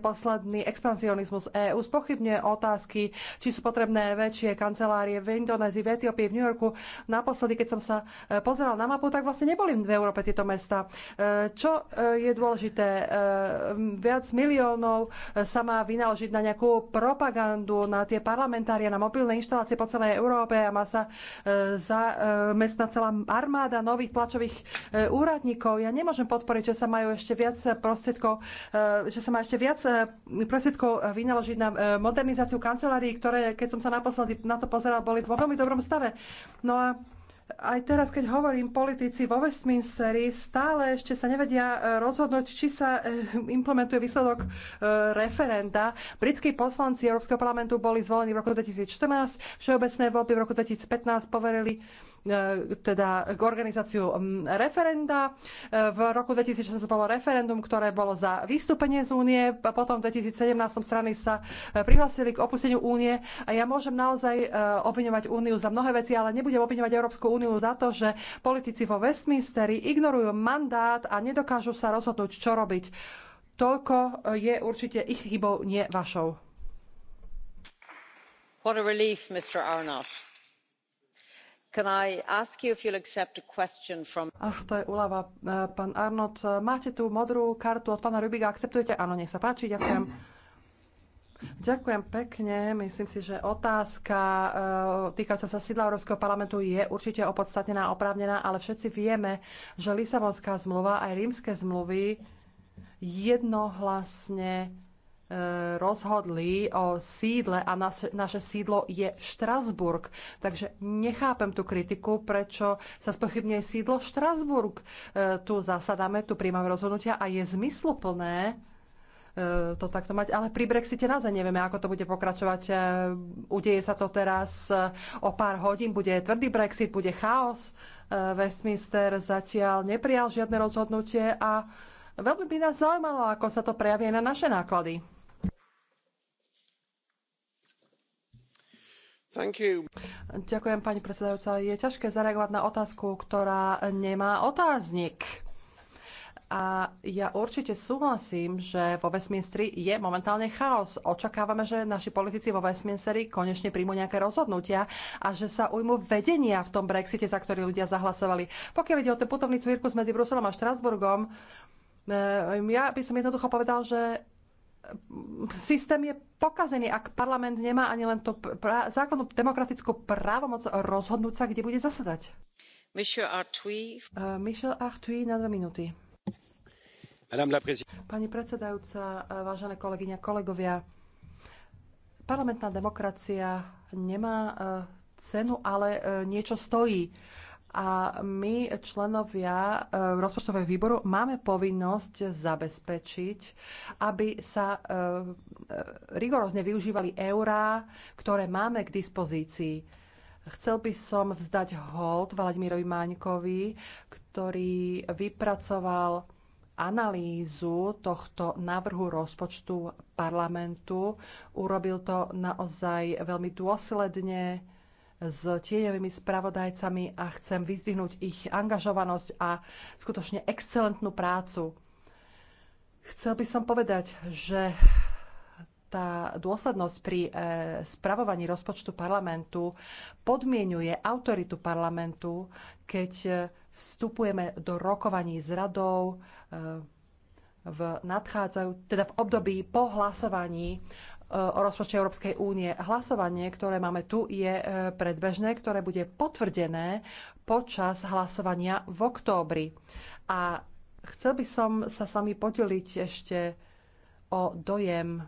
posledný expansionizmus EÚ, spochybňuje otázky, či sú potrebné väčšie kancelárie v Indonézii, v Etiópii, v New Yorku. Naposledy, keď som sa e, pozeral na mapu, tak vlastne neboli v Európe tieto mesta. E, čo e, je dôležité? Viac miliónov sa má vynaložiť na nejakú propagandu, na tie parlamentárie, na mobilné inštalácie po celej Európe a má sa mestná celá armáda nových tlačových úradníkov. Ja nemôžem podporiť, že sa majú ešte viac prostriedkov, že sa má ešte viac viac eh, prostriedkov eh, vynaložiť na eh, modernizáciu kancelárií, ktoré, keď som sa naposledy na to pozeral, boli vo veľmi dobrom stave. No a aj teraz, keď hovorím, politici vo Westminsteri stále ešte sa nevedia rozhodnúť, či sa implementuje výsledok referenda. Britskí poslanci Európskeho parlamentu boli zvolení v roku 2014, všeobecné voľby v roku 2015 poverili E, teda k organizáciu referenda. E, v roku 2016 bolo referendum, ktoré bolo za vystúpenie z únie, a potom v 2017 strany sa e, prihlásili k opusteniu únie a ja môžem naozaj obviňovať úniu za mnohé veci, ale nebudem obviňovať Európsku úniu za to, že politici vo Westminsteri ignorujú mandát a nedokážu sa rozhodnúť, čo robiť. Toľko je určite ich chybou, nie vašou. What a relief, Mr. Arnott Ach, to je úľava. Eh, pán Arnold, máte tu modrú kartu od pána Rubiga. Akceptujete? Áno, nech sa páči, ďakujem. Ďakujem pekne. Myslím si, že otázka eh, týkajúca sa sídla Európskeho parlamentu je určite opodstatnená, a oprávnená, ale všetci vieme, že Lisabonská zmluva aj rímske zmluvy jednohlasne E, rozhodli o sídle a naše, naše sídlo je Štrasburg. Takže nechápem tú kritiku, prečo sa spochybňuje sídlo Štrasburg. E, tu zasadáme, tu príjmame rozhodnutia a je zmysluplné e, to takto mať. Ale pri Brexite naozaj nevieme, ako to bude pokračovať. Udeje sa to teraz o pár hodín, bude tvrdý Brexit, bude chaos. Westminster zatiaľ neprijal žiadne rozhodnutie a veľmi by nás zaujímalo, ako sa to prejaví na naše náklady. Ďakujem, pani predsedajúca. Je ťažké zareagovať na otázku, ktorá nemá otáznik. A ja určite súhlasím, že vo Westminsteri je momentálne chaos. Očakávame, že naši politici vo Westminsteri konečne príjmu nejaké rozhodnutia a že sa ujmu vedenia v tom Brexite, za ktorý ľudia zahlasovali. Pokiaľ ide o ten putovný cvirkus medzi Bruselom a Štrasburgom, eh, ja by som jednoducho povedal, že systém je pokazený, ak parlament nemá ani len to pra- základnú demokratickú právomoc rozhodnúť sa, kde bude zasadať. Michel Artuy. Uh, Michel Artuy na dve minúty. Pani predsedajúca, vážené kolegyňa, kolegovia, parlamentná demokracia nemá cenu, ale niečo stojí a my, členovia e, rozpočtového výboru, máme povinnosť zabezpečiť, aby sa e, e, rigorózne využívali eurá, ktoré máme k dispozícii. Chcel by som vzdať hold Vladimirovi Máňkovi, ktorý vypracoval analýzu tohto návrhu rozpočtu parlamentu. Urobil to naozaj veľmi dôsledne, s tieňovými spravodajcami a chcem vyzdvihnúť ich angažovanosť a skutočne excelentnú prácu. Chcel by som povedať, že tá dôslednosť pri e, spravovaní rozpočtu parlamentu podmienuje autoritu parlamentu, keď e, vstupujeme do rokovaní s radou e, v nadchádzajú, teda v období po hlasovaní o rozpočte Európskej únie. Hlasovanie, ktoré máme tu, je e, predbežné, ktoré bude potvrdené počas hlasovania v októbri. A chcel by som sa s vami podeliť ešte o dojem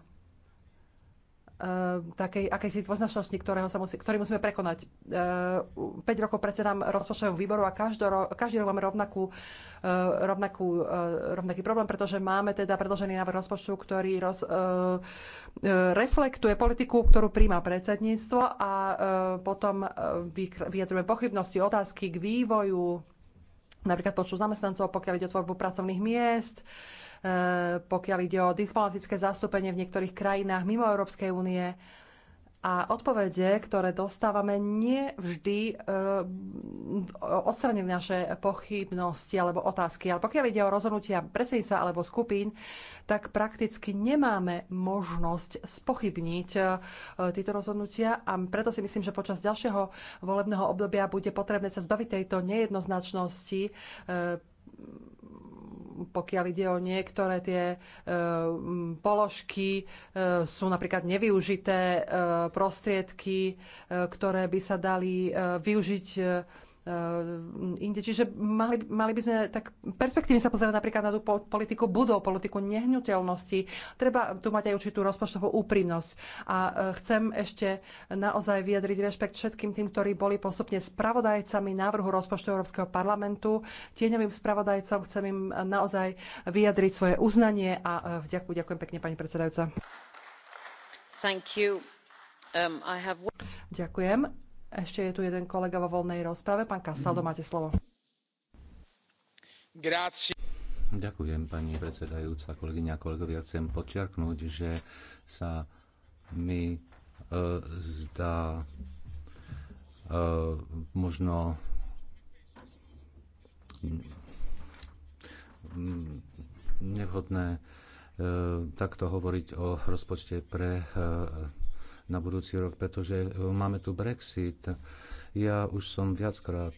Ehm, takej akejsi dvoznačnosti, ktorého sa musí, ktorý musíme prekonať. Uh, ehm, 5 rokov predsedám rozpočtovému výboru a každoro, každý rok máme rovnakú, uh, rovnakú, uh, rovnaký problém, pretože máme teda predložený návrh rozpočtu, ktorý roz, uh, reflektuje politiku, ktorú príjma predsedníctvo a uh, potom vyjadrujeme pochybnosti, otázky k vývoju, napríklad počtu zamestnancov, pokiaľ ide o tvorbu pracovných miest, uh, E, pokiaľ ide o diplomatické zastúpenie v niektorých krajinách mimo Európskej únie. A odpovede, ktoré dostávame, nie vždy e, odstranili naše pochybnosti alebo otázky. Ale pokiaľ ide o rozhodnutia predsedníctva alebo skupín, tak prakticky nemáme možnosť spochybniť e, tieto rozhodnutia a preto si myslím, že počas ďalšieho volebného obdobia bude potrebné sa zbaviť tejto nejednoznačnosti e, pokiaľ ide o niektoré tie e, položky, e, sú napríklad nevyužité e, prostriedky, ktoré by sa dali využiť Eh, inde. Čiže mali, mali by sme tak perspektívne sa pozerať napríklad na tú politiku budov, politiku nehnuteľnosti. Treba tu mať aj určitú rozpočtovú úprimnosť. A eh, chcem ešte naozaj vyjadriť rešpekt všetkým tým, ktorí boli postupne spravodajcami návrhu rozpočtu Európskeho parlamentu. Tieňovým spravodajcom chcem im naozaj vyjadriť svoje uznanie a eh, vďaku. ďakujem pekne, pani predsedajúca. Thank you. Um, I have... Ďakujem. Ešte je tu jeden kolega vo voľnej rozprave. Pán Kastaldo, máte slovo. Grazie. Ďakujem, pani predsedajúca, kolegyňa a kolegovia. Chcem počiarknúť, že sa mi e, zdá e, možno mm, nevhodné e, takto hovoriť o rozpočte pre e, na budúci rok, pretože e, máme tu Brexit. Ja už som viackrát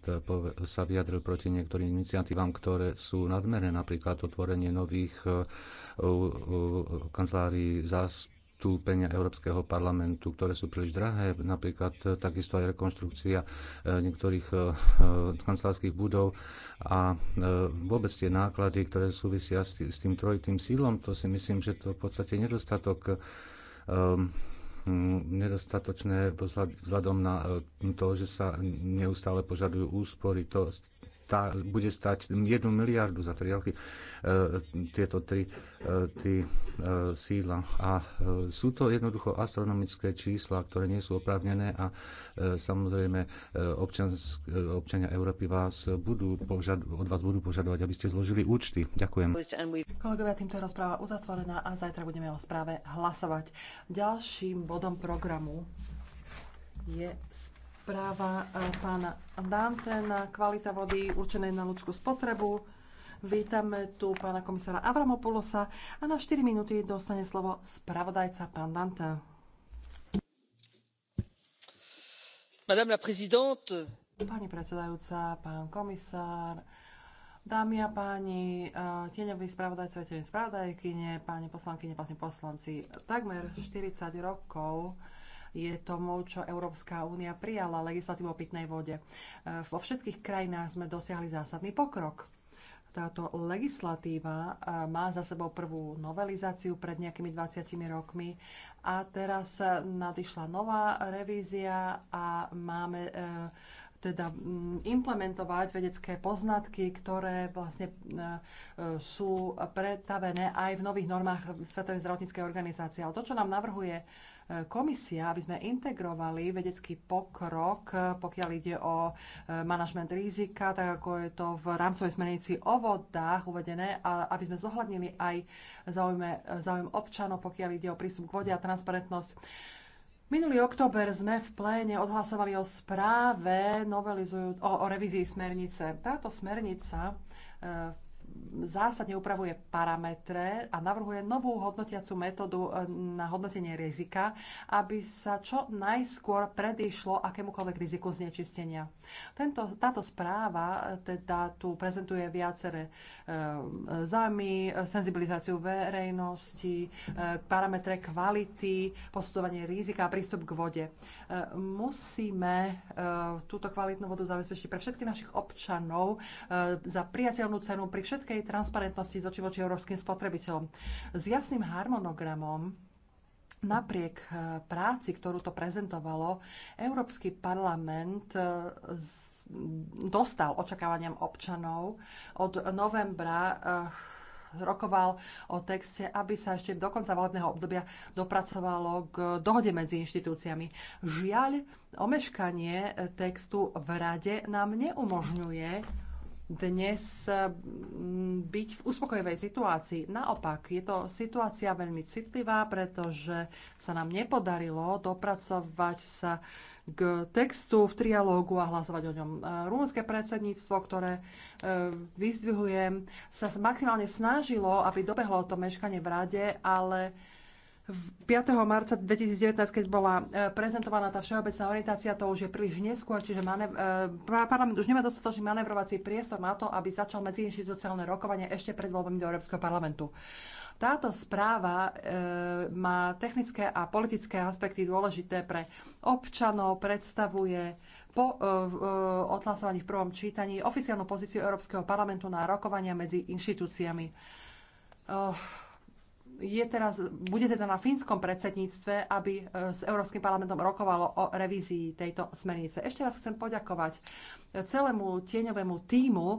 sa vyjadril proti niektorým iniciatívam, ktoré sú nadmerné, napríklad otvorenie nových e, kancelárií zastúpenia Európskeho parlamentu, ktoré sú príliš drahé, napríklad e, takisto aj rekonstrukcia niektorých kancelárských budov a vôbec tie náklady, ktoré súvisia s tým trojitým sílom, to si myslím, že to v podstate nedostatok nedostatočné vzhľadom na e, to, že sa neustále požadujú úspory. To tá, bude stať 1 miliardu za 3 roky e, tieto tri e, tí, e, sídla. A sú to jednoducho astronomické čísla, ktoré nie sú oprávnené a samozrejme e, občania Európy vás budú požad, od vás budú požadovať, aby ste zložili účty. Ďakujem. Kolegovia, týmto je rozpráva uzatvorená a zajtra budeme o správe hlasovať. Ďalším bodom programu je správa správa e, pána na kvalita vody určenej na ľudskú spotrebu. Vítame tu pána komisára Avramopulosa a na 4 minúty dostane slovo spravodajca pán Dante. Madame la présidente. Pani predsedajúca, pán komisár, Dámy a páni, e, tieňoví spravodajcovia, tieňoví spravodajkyne, páni poslankyne, páni poslanci, takmer 40 rokov je tomu, čo Európska únia prijala legislatívu o pitnej vode. E, vo všetkých krajinách sme dosiahli zásadný pokrok. Táto legislatíva e, má za sebou prvú novelizáciu pred nejakými 20 rokmi a teraz e, nadišla nová revízia a máme teda mm, implementovať vedecké poznatky, ktoré vlastne sú pretavené aj v nových normách Svetovej zdravotníckej organizácie. Ale to, čo nám navrhuje komisia, aby sme integrovali vedecký pokrok, pokiaľ ide o e, manažment rizika, tak ako je to v rámcovej smernici o vodách uvedené, a aby sme zohľadnili aj e, záujem občanov, pokiaľ ide o prístup k vode a transparentnosť. Minulý október sme v pléne odhlasovali o správe o, o revízii smernice. Táto smernica e, zásadne upravuje parametre a navrhuje novú hodnotiacu metódu eh, na hodnotenie rizika, aby sa čo najskôr predišlo akémukoľvek riziku znečistenia. Tento, táto správa eh, teda tu prezentuje viaceré eh, zájmy, senzibilizáciu verejnosti, parametre kvality, posudzovanie rizika a prístup k vode. Musíme túto kvalitnú vodu zabezpečiť pre všetkých našich občanov za priateľnú cenu pri všetkých všetkej transparentnosti zoči voči európskym spotrebiteľom. S jasným harmonogramom Napriek eh, práci, ktorú to prezentovalo, Európsky parlament eh, dostal očakávaniam občanov. Od novembra eh, rokoval o texte, aby sa ešte do konca volebného obdobia dopracovalo k dohode medzi inštitúciami. Žiaľ, omeškanie textu v rade nám neumožňuje dnes eh, byť v uspokojivej situácii. Naopak, je to situácia veľmi citlivá, pretože sa nám nepodarilo dopracovať sa k textu v trialógu a hlasovať o ňom. Eh, rumunské predsedníctvo, ktoré eh, vyzdvihujem, sa maximálne snažilo, aby dobehlo to meškanie v rade, ale 5. marca 2019, keď bola e, prezentovaná tá všeobecná orientácia, to už je príliš neskôr, čiže manev- e, parlament už nemá dostatočný manevrovací priestor na to, aby začal medziinstitucionálne rokovanie ešte pred voľbami do Európskeho parlamentu. Táto správa e, má technické a politické aspekty dôležité pre občanov, predstavuje po e, e, odhlasovaní v prvom čítaní oficiálnu pozíciu Európskeho parlamentu na rokovania medzi inštitúciami. E, je teraz, bude teda na fínskom predsedníctve, aby e, s Európskym parlamentom rokovalo o revízii tejto smernice. Ešte raz chcem poďakovať e, celému tieňovému týmu, e,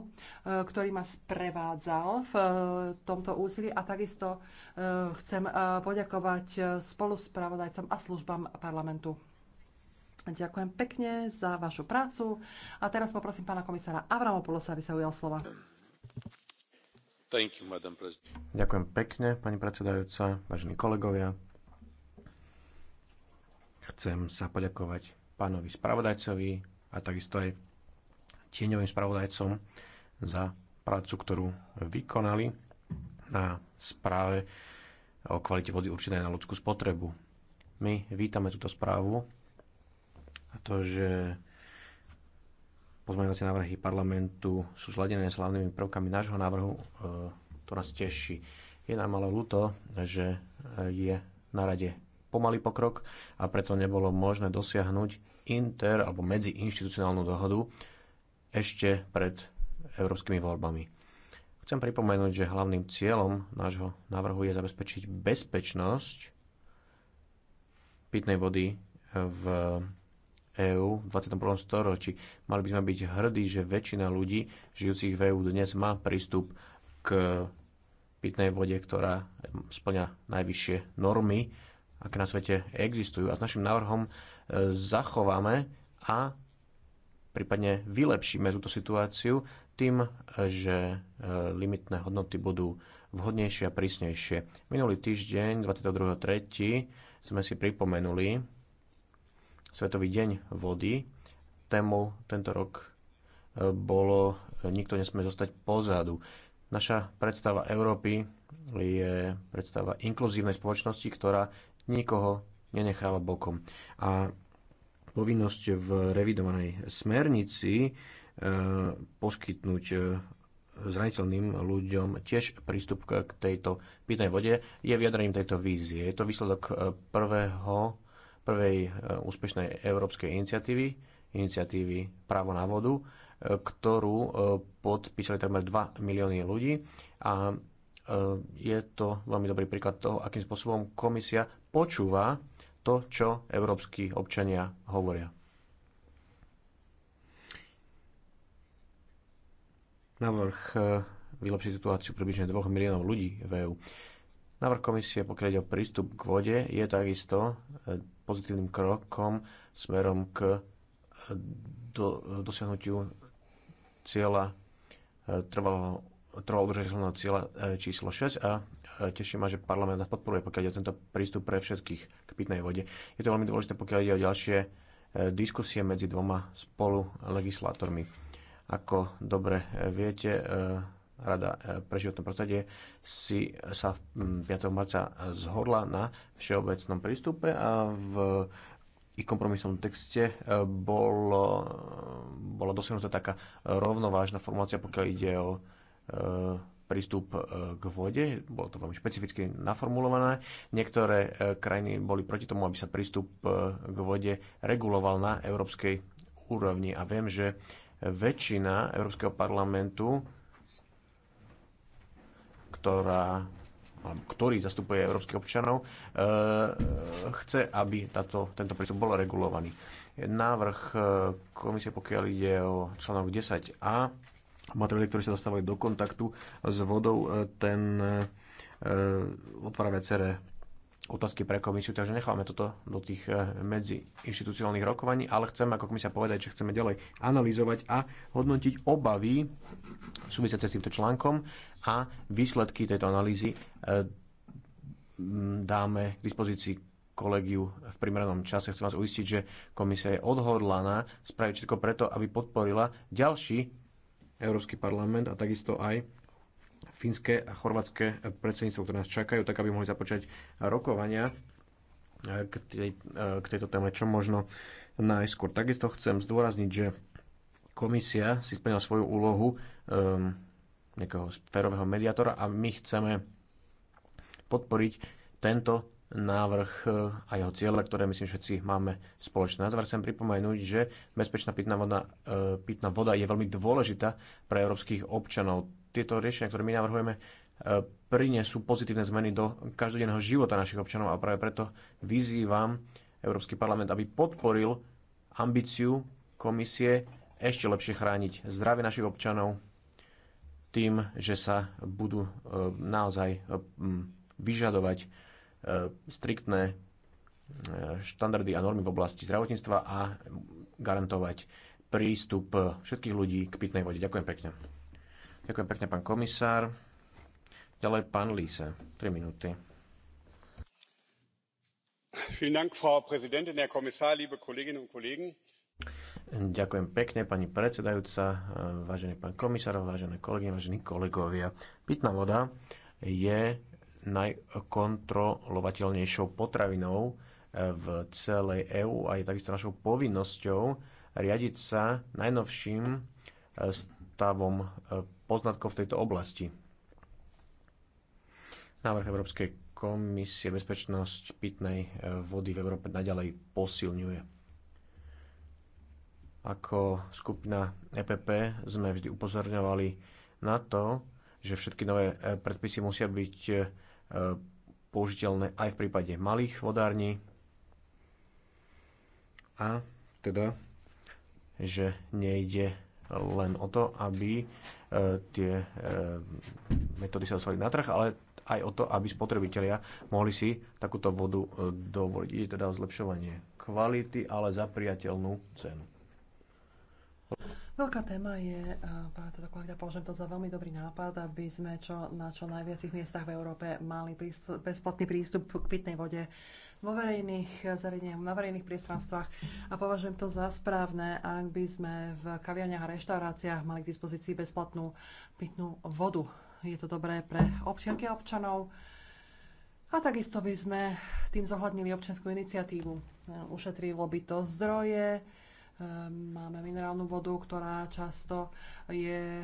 ktorý ma sprevádzal v tomto úsilí a takisto chcem poďakovať spoluspravodajcom a službám parlamentu. Ďakujem pekne za vašu prácu a teraz poprosím pána komisára Avramopoulosa, aby sa ujal slova. You, Ďakujem pekne, pani predsedajúca, vážení kolegovia. Chcem sa poďakovať pánovi spravodajcovi a takisto aj tieňovým spravodajcom za prácu, ktorú vykonali na správe o kvalite vody určenej na ľudskú spotrebu. My vítame túto správu a to, že pozmeňovacie návrhy parlamentu sú zladené s hlavnými prvkami nášho návrhu, e, to nás teší. Je nám ale ľúto, že e, je na rade pomalý pokrok a preto nebolo možné dosiahnuť inter alebo medziinstitucionálnu dohodu ešte pred európskymi voľbami. Chcem pripomenúť, že hlavným cieľom nášho návrhu je zabezpečiť bezpečnosť pitnej vody v EÚ v 21. storočí. Mali by sme byť hrdí, že väčšina ľudí žijúcich v EÚ dnes má prístup k pitnej vode, ktorá splňa najvyššie normy, aké na svete existujú. A s našim návrhom e, zachováme a prípadne vylepšíme túto situáciu tým, že e, limitné hodnoty budú vhodnejšie a prísnejšie. Minulý týždeň, 22.3., sme si pripomenuli Svetový deň vody. Témou tento rok e, bolo e, Nikto nesmie zostať pozadu. Naša predstava Európy je predstava inkluzívnej spoločnosti, ktorá nikoho nenecháva bokom. A povinnosť v revidovanej smernici e, poskytnúť zraniteľným ľuďom tiež prístup k tejto pitnej vode je vyjadrením tejto vízie. Je to výsledok prvého prvej e, úspešnej európskej iniciatívy, iniciatívy Právo na vodu, e, ktorú e, podpísali takmer 2 milióny ľudí a je to veľmi dobrý príklad toho, akým spôsobom komisia počúva to, čo európsky občania hovoria. Navrh vylepšiť situáciu približne 2 miliónov ľudí v EÚ. Návrh komisie, pokiaľ ide o prístup k vode, je takisto e, pozitívnym krokom smerom k e, do, dosiahnutiu cieľa e, trvalo, trvalo udržateľného cieľa číslo 6 a teší ma, že parlament nás podporuje, pokiaľ ide o tento prístup pre všetkých k pitnej vode. Je to veľmi dôležité, pokiaľ ide o ďalšie diskusie medzi dvoma spolu legislátormi. Ako dobre viete, Rada e, pre životné prostredie si sa 5. marca zhodla na všeobecnom prístupe a v ich kompromisnom texte e, bolo, bola dosiahnutá taká rovnovážna formulácia, pokiaľ ide o e, prístup k vode. Bolo to veľmi špecificky naformulované. Niektoré krajiny boli proti tomu, aby sa prístup k vode reguloval na európskej úrovni. A viem, že väčšina Európskeho parlamentu ktorá ktorý zastupuje európskych občanov, e, chce, aby táto, tento prístup bol regulovaný. Návrh e, komisie, pokiaľ ide o článok 10a, materiály, ktoré sa dostávajú do kontaktu s vodou, e, ten otvára viaceré otázky pre komisiu, takže necháme toto do tých eh, medziinstitucionálnych rokovaní, ale chceme ako komisia povedať, že chceme ďalej analyzovať a hodnotiť obavy súvisiace s týmto článkom a výsledky tejto analýzy eh, dáme k dispozícii kolegiu v primeranom čase. Chcem vás uistiť, že komisia je odhodlaná spraviť všetko preto, aby podporila ďalší Európsky parlament a takisto aj fínske a chorvátske predsedníctvo, ktoré nás čakajú, tak aby mohli započať rokovania eh, k, tej, eh, k tejto téme čo možno najskôr. Takisto chcem zdôrazniť, že komisia si splnila svoju úlohu um, nejakého férového mediátora a my chceme podporiť tento návrh eh, a jeho cieľe, ktoré myslím všetci máme spoločné. Na záver chcem pripomenúť, že bezpečná pitná voda, pitná voda je veľmi dôležitá pre európskych občanov tieto riešenia, ktoré my navrhujeme, e, prinesú pozitívne zmeny do každodenného života našich občanov a práve preto vyzývam Európsky parlament, aby podporil ambíciu komisie ešte lepšie chrániť zdravie našich občanov tým, že sa budú e, naozaj e, vyžadovať striktné štandardy a normy v oblasti zdravotníctva a garantovať prístup všetkých ľudí k pitnej vode. Ďakujem pekne. Ďakujem pekne, pán komisár. Ďalej pán Líse, 3 minúty. Ďakujem pekne, pani predsedajúca, vážený pán komisár, vážené kolegyne, vážení kolegovia. Pitná voda je najkontrolovateľnejšou potravinou eh, v celej EÚ a je takisto našou povinnosťou riadiť sa najnovším eh, stavom eh, poznatkov v tejto oblasti. Návrh Európskej komisie bezpečnosť pitnej e, vody v Európe naďalej posilňuje. Ako skupina EPP sme vždy upozorňovali na to, že všetky nové e, predpisy musia byť e, použiteľné aj v prípade malých vodární a teda, že nejde len o to, aby e, tie e, metódy sa dostali na trh, ale aj o to, aby spotrebitelia mohli si takúto vodu e, dovoliť. Ide teda o zlepšovanie kvality, ale za priateľnú cenu. Veľká téma je eh, práve táto kolega, Považujem to za veľmi dobrý nápad, aby sme čo, na čo najviacich miestach v Európe mali prístup, bezplatný prístup k pitnej vode vo verejných eh, zariadeniach, na verejných priestranstvách. A považujem to za správne, ak by sme v kaviarniach a reštauráciách mali k dispozícii bezplatnú pitnú vodu. Je to dobré pre občianky a občanov. A takisto by sme tým zohľadnili občianskú iniciatívu. Eh, ušetrilo by to zdroje, Ehm, máme minerálnu vodu, ktorá často je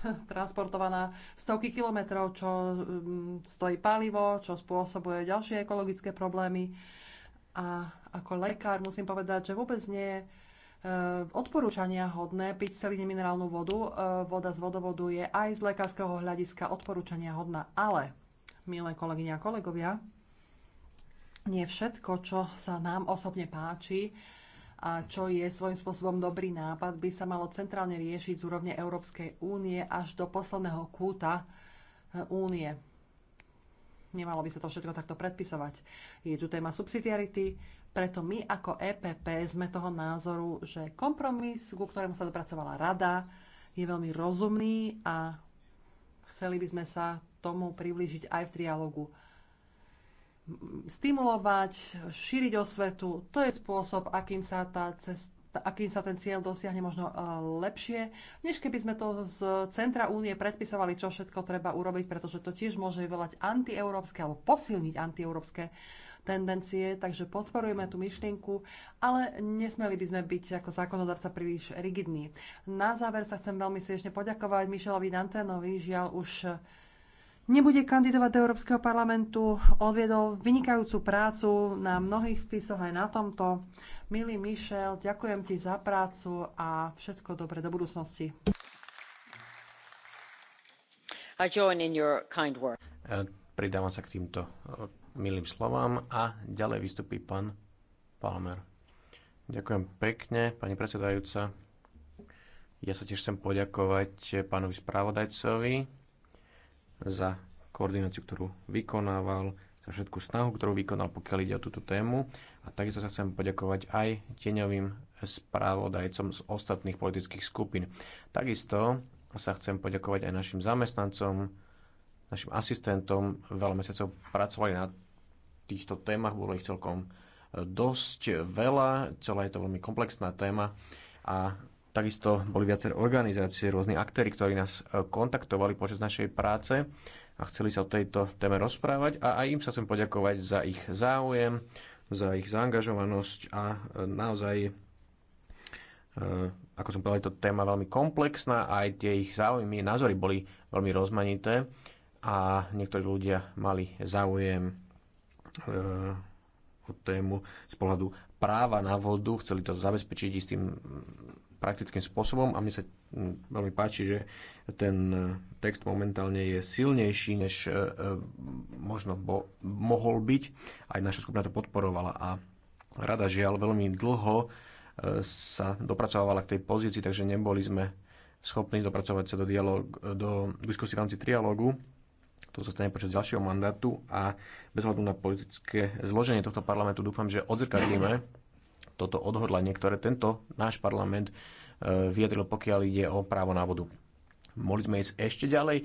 transportovaná stovky kilometrov, čo ehm, stojí palivo, čo spôsobuje ďalšie ekologické problémy. A ako lekár musím povedať, že vôbec nie je ehm, odporúčania hodné piť celý minerálnu vodu. Voda z vodovodu je aj z lekárskeho hľadiska odporúčania hodná. Ale, milé kolegyne a kolegovia, nie všetko, čo sa nám osobne páči, a čo je svojím spôsobom dobrý nápad, by sa malo centrálne riešiť z úrovne Európskej únie až do posledného kúta eh, únie. Nemalo by sa to všetko takto predpisovať. Je tu téma subsidiarity, preto my ako EPP sme toho názoru, že kompromis, ku ktorému sa dopracovala rada, je veľmi rozumný a chceli by sme sa tomu priblížiť aj v trialogu stimulovať, šíriť osvetu. To je spôsob, akým sa tá cesta akým sa ten cieľ dosiahne možno e, lepšie, než keby sme to z centra únie predpisovali, čo všetko treba urobiť, pretože to tiež môže vyvolať antieurópske alebo posilniť antieurópske tendencie, takže podporujeme tú myšlienku, ale nesmeli by sme byť ako zákonodarca príliš rigidní. Na záver sa chcem veľmi srdečne poďakovať Mišelovi Dantenovi, žiaľ už nebude kandidovať do Európskeho parlamentu. Odviedol vynikajúcu prácu na mnohých spisoch aj na tomto. Milý Michel, ďakujem ti za prácu a všetko dobre do budúcnosti. I join in your kind work. E, pridávam sa k týmto e, milým slovám a ďalej vystupí pán Palmer. Ďakujem pekne, pani predsedajúca. Ja sa tiež chcem poďakovať pánovi správodajcovi za koordináciu, ktorú vykonával, za všetkú snahu, ktorú vykonal, pokiaľ ide o túto tému. A takisto sa chcem poďakovať aj tieňovým správodajcom z ostatných politických skupín. Takisto sa chcem poďakovať aj našim zamestnancom, našim asistentom. Veľa mesiacov pracovali na týchto témach, bolo ich celkom dosť veľa, celá je to veľmi komplexná téma a Takisto boli viaceré organizácie, rôzni aktéry, ktorí nás e, kontaktovali počas našej práce a chceli sa o tejto téme rozprávať a aj im sa chcem poďakovať za ich záujem, za ich zaangažovanosť a e, naozaj e, ako som povedal, je to téma veľmi komplexná a aj tie ich záujmy, názory boli veľmi rozmanité a niektorí ľudia mali záujem o tému z pohľadu práva na vodu, chceli to zabezpečiť istým praktickým spôsobom a mne sa veľmi páči, že ten e, text momentálne je silnejší, než e, e, možno bo, mohol byť. Aj naša skupina to podporovala a rada žiaľ veľmi dlho sa dopracovala k tej pozícii, takže neboli sme schopní dopracovať sa do, dialog, do diskusie v rámci trialógu. To sa stane počas ďalšieho mandátu a bez hľadu na politické zloženie tohto parlamentu dúfam, že odzrkadlíme toto odhodlanie, ktoré tento náš parlament e, vyjadril, pokiaľ ide o právo na vodu. Mohli sme ísť ešte ďalej?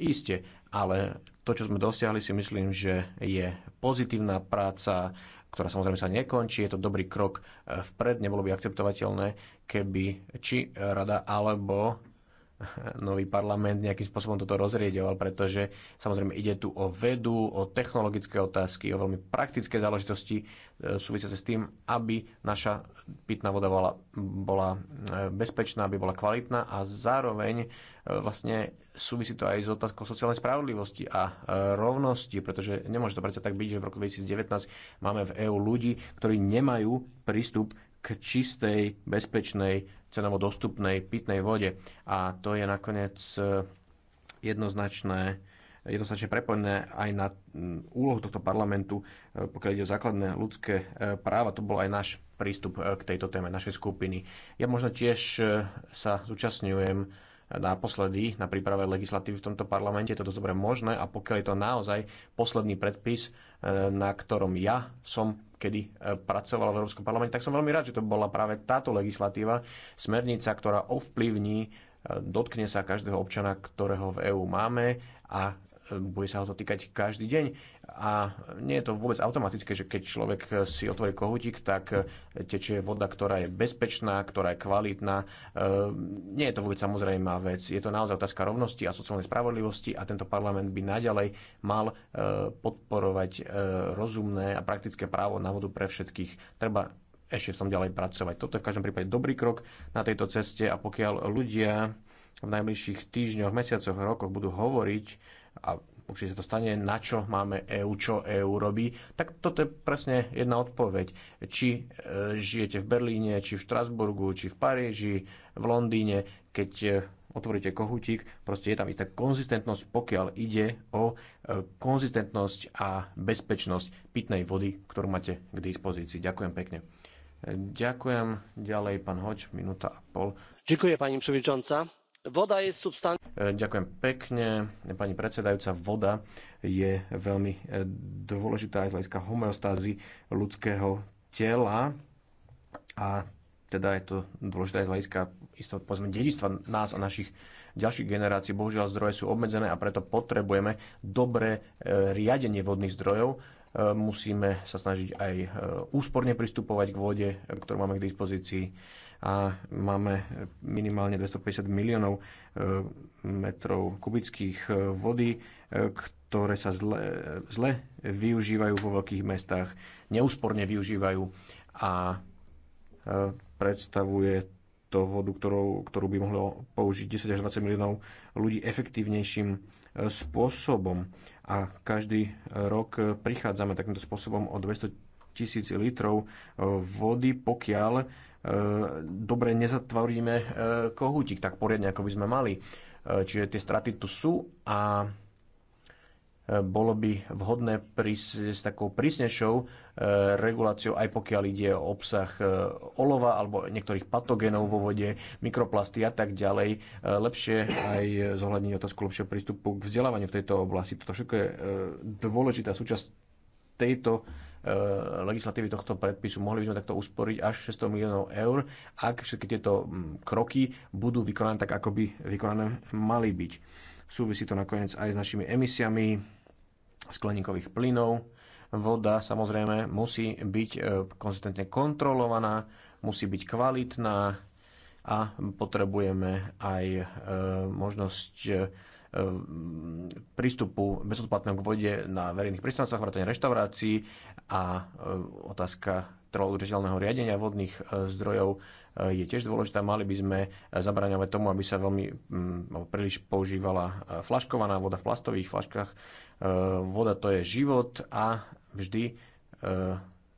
Iste, ale to, čo sme dosiahli, si myslím, že je pozitívna práca, ktorá samozrejme sa nekončí, je to dobrý krok e, vpred, nebolo by akceptovateľné, keby či rada alebo nový parlament nejakým spôsobom toto rozriedoval, pretože samozrejme ide tu o vedu, o technologické otázky, o veľmi praktické záležitosti e, súvisiace s tým, aby naša pitná voda bola, bola e, bezpečná, aby bola kvalitná a zároveň e, vlastne súvisí to aj s otázkou sociálnej spravodlivosti a rovnosti, pretože nemôže to predsa tak byť, že v roku 2019 máme v EÚ ľudí, ktorí nemajú prístup k čistej, bezpečnej cenovo dostupnej pitnej vode. A to je nakoniec e, jednoznačné jednoznačne prepojené aj na mm, úlohu tohto parlamentu, e, pokiaľ ide o základné ľudské e, práva. To bol aj náš prístup k tejto téme, našej skupiny. Ja možno tiež sa zúčastňujem naposledy na príprave legislatívy v tomto parlamente, je to dosť dobre možné a pokiaľ je to naozaj posledný predpis, Eh, na ktorom ja som kedy eh, pracoval v Európskom parlamente, tak som veľmi rád, že to bola práve táto legislatíva, smernica, ktorá ovplyvní, eh, dotkne sa každého občana, ktorého v EÚ máme a bude sa ho to týkať každý deň. A nie je to vôbec automatické, že keď človek si otvorí kohutík, tak e, tečie voda, ktorá je bezpečná, ktorá je kvalitná. E, nie je to vôbec samozrejmá vec. Je to naozaj otázka rovnosti a sociálnej spravodlivosti a tento parlament by naďalej mal e, podporovať rozumné a praktické právo na vodu pre všetkých. Treba ešte v tom ďalej pracovať. Toto je v každom prípade dobrý krok na tejto ceste a pokiaľ ľudia v najbližších týždňoch, mesiacoch, rokoch budú hovoriť a určite sa to stane, na čo máme EÚ, čo EÚ robí, tak toto je presne jedna odpoveď. Či e, žijete v Berlíne, či v Štrasburgu, či v Paríži, v Londýne, keď e, otvoríte kohutík, proste je tam istá konzistentnosť, pokiaľ ide o e, konzistentnosť a bezpečnosť pitnej vody, ktorú máte k dispozícii. Ďakujem pekne. Ďakujem. Ďalej pán Hoč, minúta a pol. Ďakujem pani przewodnicząca Voda je substan... E, ďakujem pekne. Pani predsedajúca, voda je veľmi e, dôležitá aj z hľadiska homeostázy ľudského tela a teda je to dôležité aj z hľadiska istého povedzme, dedičstva nás a našich ďalších generácií. Bohužiaľ zdroje sú obmedzené a preto potrebujeme dobré e, riadenie vodných zdrojov, musíme sa snažiť aj úsporne pristupovať k vode, ktorú máme k dispozícii a máme minimálne 250 miliónov e, metrov kubických e, vody, e, ktoré sa zle, zle využívajú vo veľkých mestách, neúsporne využívajú a predstavuje to vodu, ktorou, ktorú by mohlo použiť 10 až 20 miliónov ľudí efektívnejším spôsobom. A každý rok prichádzame takýmto spôsobom o 200 tisíc litrov vody, pokiaľ E, dobre nezatvoríme e, kohútik tak poriadne, ako by sme mali. E, čiže tie straty tu sú a bolo by vhodné prísť s takou prísnejšou reguláciou, aj pokiaľ ide o obsah olova alebo niektorých patogénov vo vode, mikroplasty a tak ďalej. Lepšie aj zohľadniť otázku lepšieho prístupu k vzdelávaniu v tejto oblasti. Toto všetko je dôležitá súčasť tejto Eh, legislatívy tohto predpisu. Mohli by sme takto usporiť až 600 miliónov eur, ak všetky tieto mm, kroky budú vykonané tak, ako by vykonané mali byť. Súvisí to nakoniec aj s našimi emisiami skleníkových plynov. Voda samozrejme musí byť eh, konzistentne kontrolovaná, musí byť kvalitná a potrebujeme aj eh, možnosť Eh, prístupu bezodplatného k vode na verejných pristancoch, vrátane reštaurácií a eh, otázka trvalo riadenia vodných eh, zdrojov je tiež dôležitá. Mali by sme zabraňovať tomu, aby sa veľmi mm, príliš používala flaškovaná voda v plastových flaškách. Voda to je život a vždy,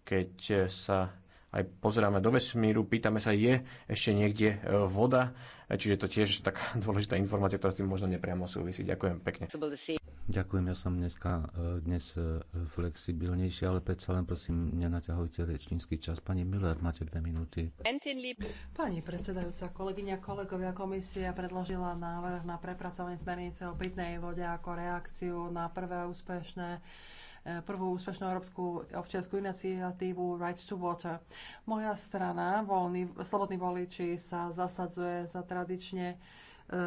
keď sa aj pozeráme do vesmíru, pýtame sa, je ešte niekde e, voda, e, čiže to tiež taká dôležitá informácia, ktorá s tým možno nepriamo súvisí. Ďakujem pekne. Ďakujem, ja som dneska, e, dnes flexibilnejší, ale predsa len prosím, nenaťahujte rečnícky čas. Pani Miller, máte dve minúty. Pani predsedajúca, kolegyňa, kolegovia, komisia predložila návrh na prepracovanie smernice o pitnej vode ako reakciu na prvé úspešné prvú úspešnú európsku občianskú iniciatívu Rights to Water. Moja strana, voľný, Slobodní voliči, sa zasadzuje za tradične e,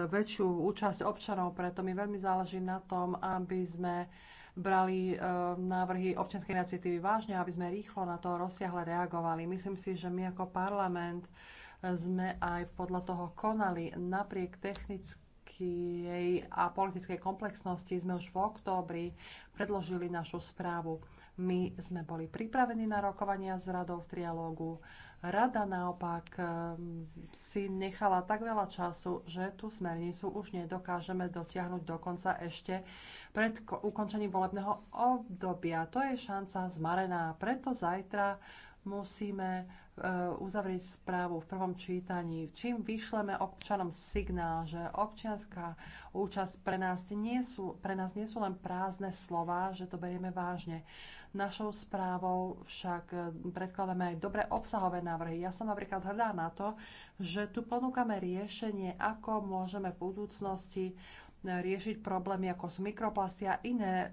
väčšiu účasť občanov, preto mi veľmi záleží na tom, aby sme brali e, návrhy občianskej iniciatívy vážne, aby sme rýchlo na to rozsiahle reagovali. Myslím si, že my ako parlament sme aj podľa toho konali napriek technickým hospodárskej a politickej komplexnosti sme už v októbri predložili našu správu. My sme boli pripravení na rokovania s radou v trialógu. Rada naopak ehm, si nechala tak veľa času, že tú smernicu už nedokážeme dotiahnuť dokonca ešte pred ukončením volebného obdobia. To je šanca zmarená. Preto zajtra musíme Eh, uzavrieť správu v prvom čítaní, čím vyšleme občanom signál, že občianská účasť pre nás, nie sú, pre nás nie sú len prázdne slova, že to berieme vážne. Našou správou však eh, predkladáme aj dobre obsahové návrhy. Ja som napríklad hrdá na to, že tu ponúkame riešenie, ako môžeme v budúcnosti eh, riešiť problémy ako sú mikroplasty a iné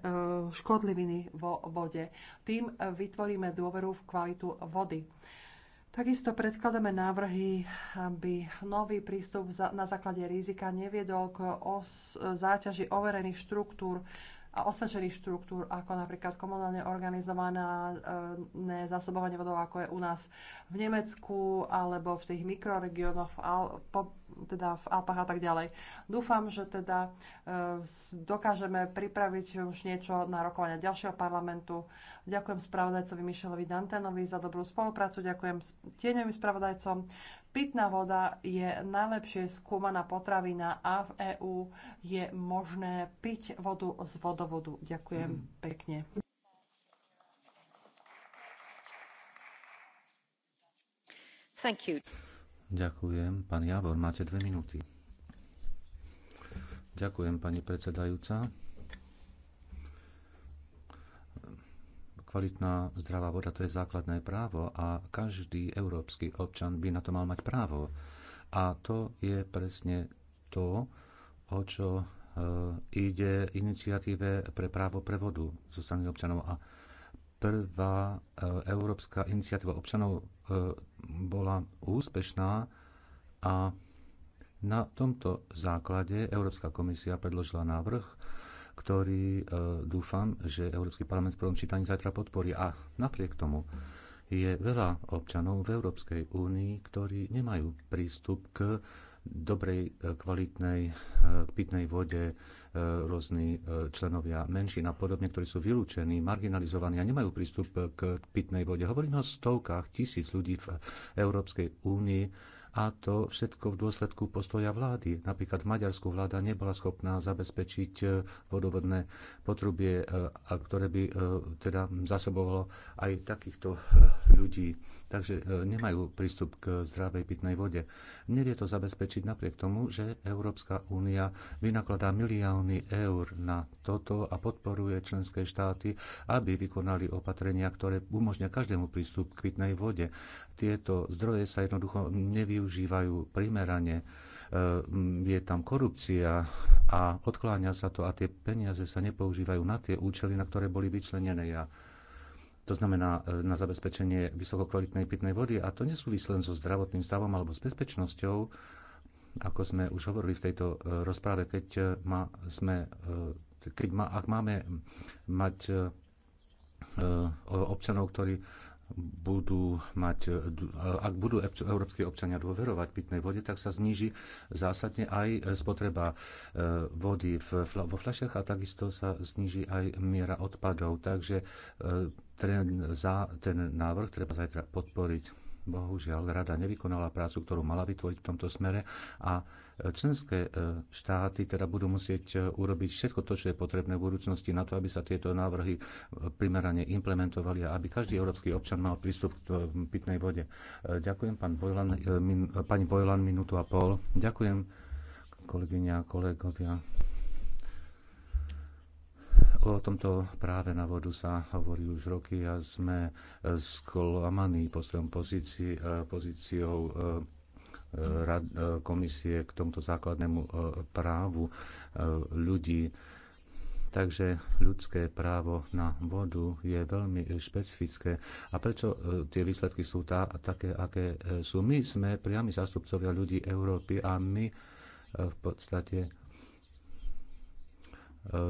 škodliviny vo vode. Tým vytvoríme dôveru v kvalitu vody. Takisto predkladáme návrhy, aby nový prístup na základe rizika neviedol k záťaži overených štruktúr a osvedčených štruktúr, ako napríklad komunálne organizované e, zásobovanie vodou, ako je u nás v Nemecku alebo v tých mikroregiónoch, v Al- po, teda v Alpách a tak ďalej. Dúfam, že teda e, dokážeme pripraviť už niečo na rokovania ďalšieho parlamentu. Ďakujem spravodajcovi Michelovi Dantenovi za dobrú spoluprácu, ďakujem tieňovým spravodajcom, Pitná voda je najlepšie skúmaná potravina a v EÚ je možné piť vodu z vodovodu. Ďakujem mm. pekne. Thank you. Ďakujem. Pán Javor, máte dve minúty. Ďakujem, pani predsedajúca. Kvalitná zdravá voda to je základné právo a každý európsky občan by na to mal mať právo. A to je presne to, o čo e, ide iniciatíve pre právo pre vodu zo strany občanov. A prvá e, európska iniciatíva občanov e, bola úspešná a na tomto základe Európska komisia predložila návrh, ktorý e, dúfam, že Európsky parlament v prvom čítaní zajtra podporí. A napriek tomu je veľa občanov v Európskej únii, ktorí nemajú prístup k dobrej, e, kvalitnej e, pitnej vode rôzni členovia menšín a podobne, ktorí sú vylúčení, marginalizovaní a nemajú prístup k pitnej vode. Hovoríme o stovkách tisíc ľudí v Európskej únii, a to všetko v dôsledku postoja vlády. Napríklad v Maďarsku vláda nebola schopná zabezpečiť e, vodovodné potrubie, e, ktoré by e, teda zasobovalo aj takýchto ľudí takže e, nemajú prístup k zdravej pitnej vode. Nevie to zabezpečiť napriek tomu, že Európska únia vynakladá milióny eur na toto a podporuje členské štáty, aby vykonali opatrenia, ktoré umožňa každému prístup k pitnej vode. Tieto zdroje sa jednoducho nevyužívajú primerane e, je tam korupcia a odkláňa sa to a tie peniaze sa nepoužívajú na tie účely, na ktoré boli vyčlenené. Ja to znamená e, na zabezpečenie vysokokvalitnej pitnej vody. A to nesúvisí len so zdravotným stavom alebo s bezpečnosťou, ako sme už hovorili v tejto e, rozpráve, keď, e, ma, sme, keď ma, ak máme mať občanov, ktorí budú mať, ak budú európsky občania dôverovať pitnej vode, tak sa zníži zásadne aj spotreba vody vo fľašach a takisto sa zníži aj miera odpadov. Takže ten, teda za, ten návrh treba zajtra podporiť. Bohužiaľ, rada nevykonala prácu, ktorú mala vytvoriť v tomto smere a e, členské e, štáty teda budú musieť e, urobiť všetko to, čo je potrebné v budúcnosti na to, aby sa tieto návrhy primerane implementovali a aby každý európsky občan mal prístup k pitnej vode. Ďakujem, pán Bojlan, min, pani Bojlan, minútu a pol. Ďakujem, kolegyňa a kolegovia. O tomto práve na vodu sa hovorí už roky a sme eh, sklamaní postojom pozícii, eh, pozíciou eh, rad, komisie k tomuto základnému právu ľudí. Takže ľudské právo na vodu je veľmi špecifické. A prečo tie výsledky sú tá, také, aké sú? My sme priami zástupcovia ľudí Európy a my v podstate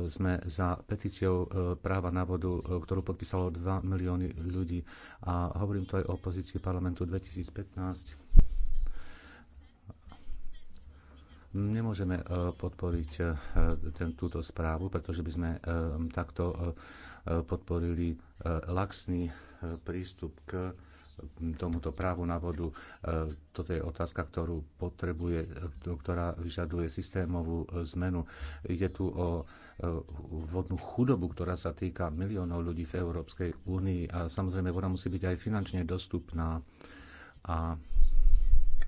sme za petíciou e, práva na vodu, e, ktorú podpísalo 2 milióny ľudí. A hovorím to aj o pozícii parlamentu 2015. Nemôžeme e, podporiť ten, túto správu, pretože by sme takto podporili laxný prístup k tomuto právu na vodu. Toto je otázka, ktorú potrebuje, ktorá vyžaduje systémovú zmenu. Ide tu o Eh, vodnú chudobu, ktorá sa týka miliónov ľudí v Európskej únii. A samozrejme, voda musí byť aj finančne dostupná. A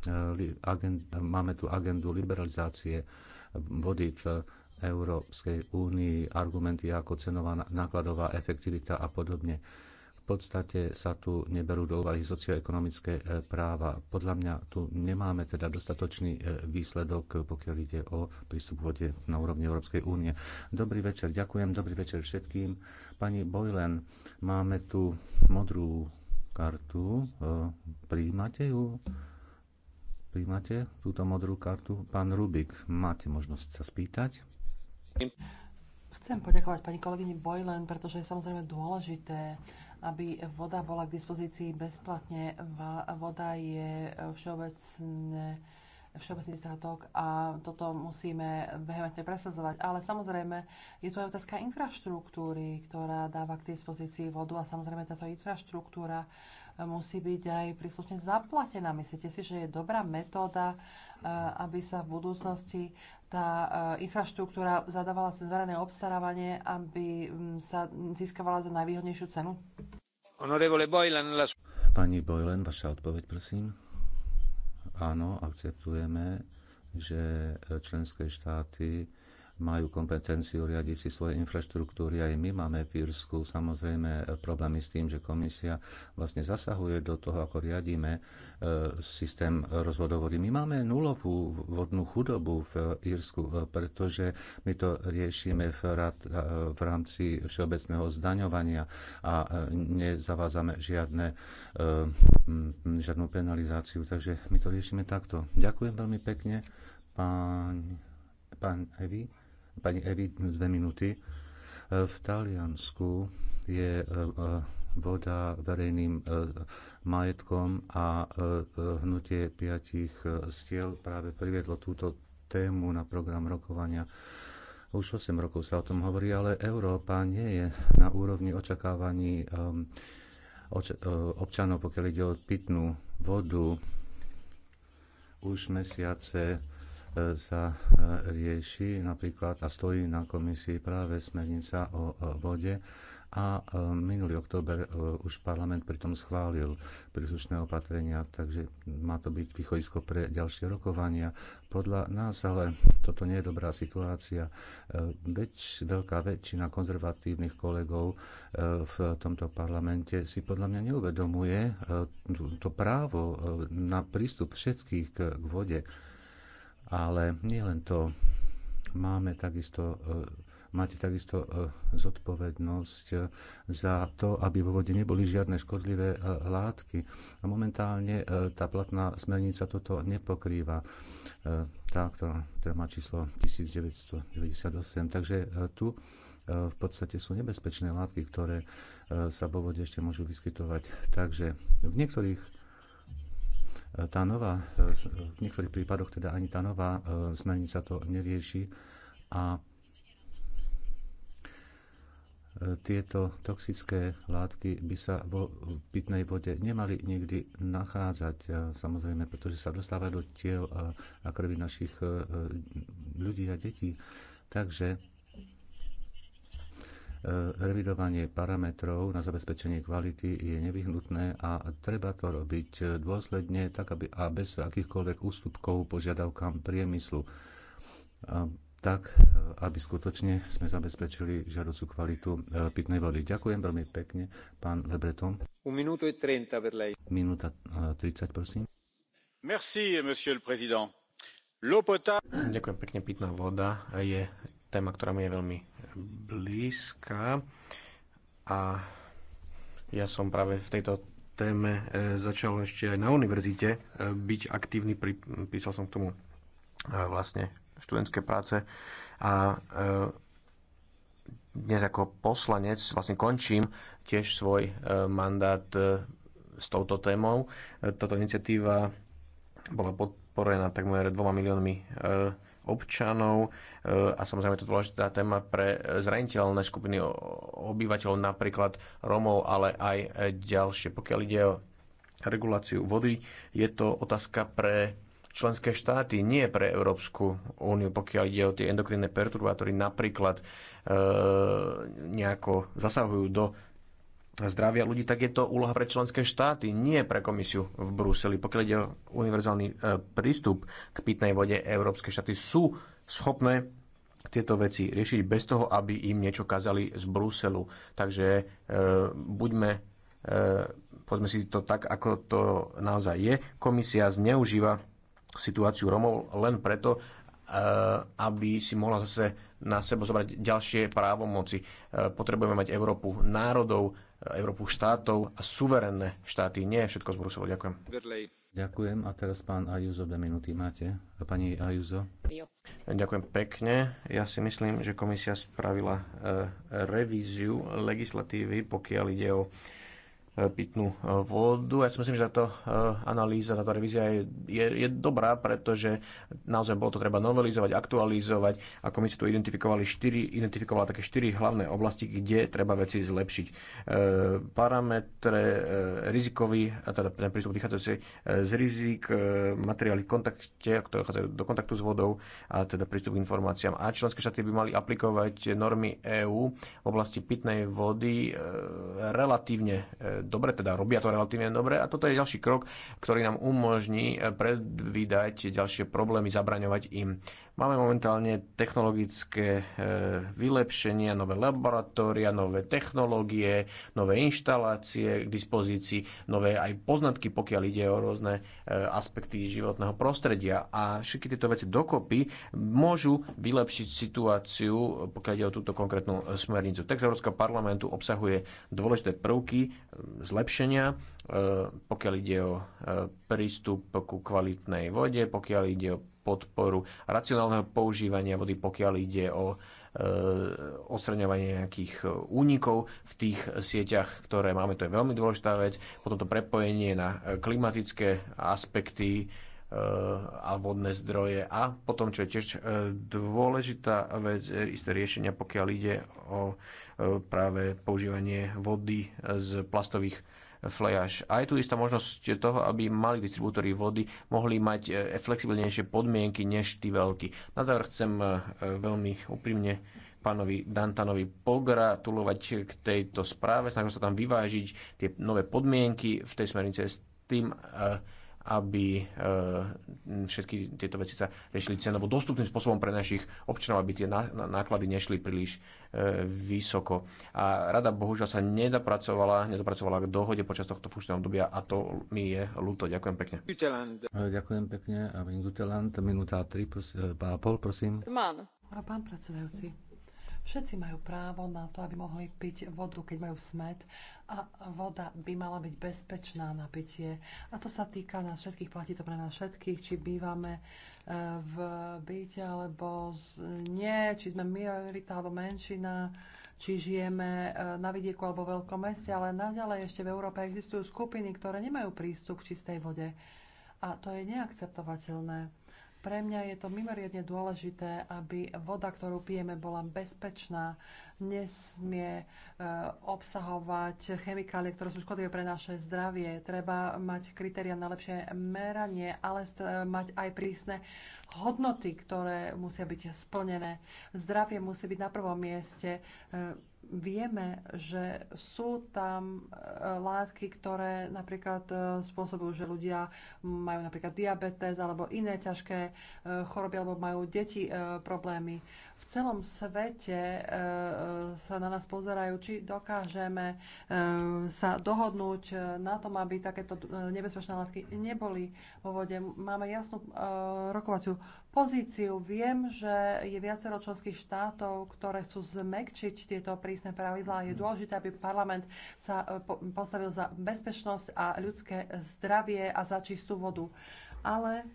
eh, máme tu agendu liberalizácie vody v Európskej únii, argumenty ako cenová nákladová efektivita a podobne podstate sa tu neberú do úvahy socioekonomické e, práva. Podľa mňa tu nemáme teda dostatočný e, výsledok, pokiaľ ide o prístup k vode na úrovni Európskej únie. Dobrý večer, ďakujem, dobrý večer všetkým. Pani Bojlen, máme tu modrú kartu. E, príjmate ju? Príjmate túto modrú kartu? Pán Rubik, máte možnosť sa spýtať? Chcem poďakovať pani kolegyni Boylen, pretože je samozrejme dôležité, aby voda bola k dispozícii bezplatne. Voda je všeobecne všeobecný statok a toto musíme vehementne presadzovať. Ale samozrejme je tu aj otázka infraštruktúry, ktorá dáva k dispozícii vodu a samozrejme táto infraštruktúra musí byť aj príslušne zaplatená. Myslíte si, že je dobrá metóda, eh, aby sa v budúcnosti tá e, infraštruktúra zadávala cez verejné obstarávanie, aby sa získavala za najvýhodnejšiu cenu? Pani Bojlen, vaša odpoveď, prosím. Áno, akceptujeme, že členské štáty majú kompetenciu riadiť si svoje infraštruktúry. Aj my máme v Írsku samozrejme problémy s tým, že komisia vlastne zasahuje do toho, ako riadíme e, systém rozvodovody. My máme nulovú vodnú chudobu v Írsku, e, pretože my to riešime v, rad, e, v rámci všeobecného zdaňovania a nezavádzame žiadne, žiadnu penalizáciu. Takže my to riešime takto. Ďakujem veľmi pekne, pán, pán Evi. Pani Evi, dve minúty. E, v Taliansku je e, e, voda verejným majetkom a hnutie piatich stiel práve priviedlo túto tému na program rokovania. Už 8 rokov sa o tom hovorí, ale Európa nie je na úrovni očakávaní ehm, občanov, pokiaľ ide o pitnú vodu. Už mesiace sa e, rieši napríklad a stojí na komisii práve smernica o vode a e, minulý október e, už parlament pritom schválil príslušné opatrenia, takže má to byť východisko pre ďalšie rokovania. Podľa nás ale toto nie je dobrá situácia. Več, veľká väčšina konzervatívnych kolegov v tomto parlamente si podľa mňa neuvedomuje to právo na prístup všetkých k vode ale nie len to, máme takisto, e, máte takisto e, zodpovednosť e, za to, aby vo vode neboli žiadne škodlivé látky. A momentálne tá platná smernica toto nepokrýva. Tá, ktorá, ktorá má číslo 1998. Takže tu v podstate sú nebezpečné látky, ktoré sa vo vode ešte môžu vyskytovať. Takže v niektorých tá nová, v niektorých prípadoch teda ani tá nová e, smernica to nerieši a e, tieto toxické látky by sa vo pitnej vode nemali nikdy nachádzať, e, samozrejme, pretože sa dostávajú do tiel a krvi našich ľudí a detí. Takže Eh, revidovanie parametrov na zabezpečenie kvality je nevyhnutné a treba to robiť eh, dôsledne tak, aby a bez akýchkoľvek ústupkov požiadavkám priemyslu. Tak, eh, aby skutočne sme zabezpečili žiaducu kvalitu pitnej vody. Ďakujem veľmi pekne, pán Lebreton. E Minúta 30, prosím. Merci, monsieur le président. Ďakujem pekne, pitná voda je téma, ktorá mi je veľmi blízka a ja som práve v tejto téme e, začal ešte aj na univerzite e, byť aktívny, písal som k tomu e, vlastne študentské práce a dnes ako poslanec vlastne končím tiež svoj mandát s touto témou. Táto iniciatíva bola podporená takmer dvoma miliónmi občanov e, a samozrejme to dôležitá téma pre zraniteľné skupiny obyvateľov, napríklad Romov, ale aj ďalšie. Pokiaľ ide o reguláciu vody, je to otázka pre členské štáty, nie pre Európsku úniu, pokiaľ ide o tie endokrinné perturbátory, napríklad e, nejako zasahujú do zdravia ľudí, tak je to úloha pre členské štáty, nie pre komisiu v Bruseli. Pokiaľ ide o univerzálny e, prístup k pitnej vode, európske štáty sú schopné tieto veci riešiť bez toho, aby im niečo kazali z Bruselu. Takže e, buďme, e, poďme si to tak, ako to naozaj je. Komisia zneužíva situáciu Romov len preto, e, aby si mohla zase na seba zobrať ďalšie právomoci. E, potrebujeme mať Európu národov Európu štátov a suverénne štáty. Nie všetko z Bruselu. Ďakujem. Ďakujem a teraz pán Ajuzo, dve minúty máte. A pani Ajuzo. Ďakujem pekne. Ja si myslím, že komisia spravila eh, revíziu legislatívy, pokiaľ ide o pitnú e, vodu. Ja si myslím, že táto e, analýza, táto revízia je, je, je dobrá, pretože naozaj bolo to treba novelizovať, aktualizovať a komisia tu identifikovali štyri, identifikovala také štyri hlavné oblasti, kde treba veci zlepšiť. E, parametre, e, rizikový, a teda ten prístup vychádzajúci e, z rizik, e, materiály v kontakte, ktoré chádzajú do kontaktu s vodou a teda prístup k informáciám. A členské štáty by mali aplikovať normy EÚ v oblasti pitnej vody e, relatívne dobre, teda robia to relatívne dobre a toto je ďalší krok, ktorý nám umožní predvídať ďalšie problémy, zabraňovať im. Máme momentálne technologické e, vylepšenia, nové laboratória, nové technológie, nové inštalácie k dispozícii, nové aj poznatky, pokiaľ ide o rôzne e, aspekty životného prostredia. A všetky tieto veci dokopy môžu vylepšiť situáciu, pokiaľ ide o túto konkrétnu e, smernicu. Text Európskeho parlamentu obsahuje dôležité prvky zlepšenia, pokiaľ ide o prístup ku kvalitnej vode, pokiaľ ide o podporu racionálneho používania vody, pokiaľ ide o e, odstraňovanie nejakých e, únikov v tých sieťach, ktoré máme. To je veľmi dôležitá vec. Potom to prepojenie na e, klimatické aspekty a vodné zdroje. A potom, čo je tiež dôležitá vec, isté riešenia, pokiaľ ide o práve používanie vody z plastových flejaž. A je tu istá možnosť toho, aby mali distribútory vody mohli mať e, flexibilnejšie podmienky než tí veľkí. Na záver chcem e, veľmi úprimne pánovi Dantanovi pogratulovať k tejto správe. Snažil sa tam vyvážiť tie nové podmienky v tej smernice s tým, e, aby všetky tieto veci sa riešili cenovo dostupným spôsobom pre našich občanov, aby tie náklady nešli príliš vysoko. A rada bohužiaľ sa nedopracovala, nedopracovala k dohode počas tohto funkčného obdobia a to mi je ľúto. Ďakujem pekne. Ďakujem pekne. Guteland, minúta 3, pos- pol, prosím. A pán predsedajúci. Všetci majú právo na to, aby mohli piť vodu, keď majú smet a voda by mala byť bezpečná na pitie. A to sa týka nás všetkých, platí to pre nás všetkých, či bývame e, v byte alebo z, nie, či sme minorita alebo menšina, či žijeme e, na vidieku alebo veľkom meste, ale naďalej ešte v Európe existujú skupiny, ktoré nemajú prístup k čistej vode. A to je neakceptovateľné. Pre mňa je to mimoriadne dôležité, aby voda, ktorú pijeme, bola bezpečná, nesmie e, obsahovať chemikálie, ktoré sú škodlivé pre naše zdravie. Treba mať kritéria na lepšie meranie, ale mať aj prísne hodnoty, ktoré musia byť splnené. Zdravie musí byť na prvom mieste. E, vieme, že sú tam e, látky, ktoré napríklad e, spôsobujú, že ľudia majú napríklad diabetes alebo iné ťažké e, choroby alebo majú deti problémy v celom svete e, e, sa na nás pozerajú, či dokážeme e, sa dohodnúť na tom, aby takéto nebezpečné látky neboli vo vode. Máme jasnú rokovaciu pozíciu. Viem, že je viacero členských štátov, ktoré chcú zmekčiť tieto prísne pravidlá. Je mhm. dôležité, aby parlament sa postavil za bezpečnosť a ľudské zdravie a za čistú vodu. Ale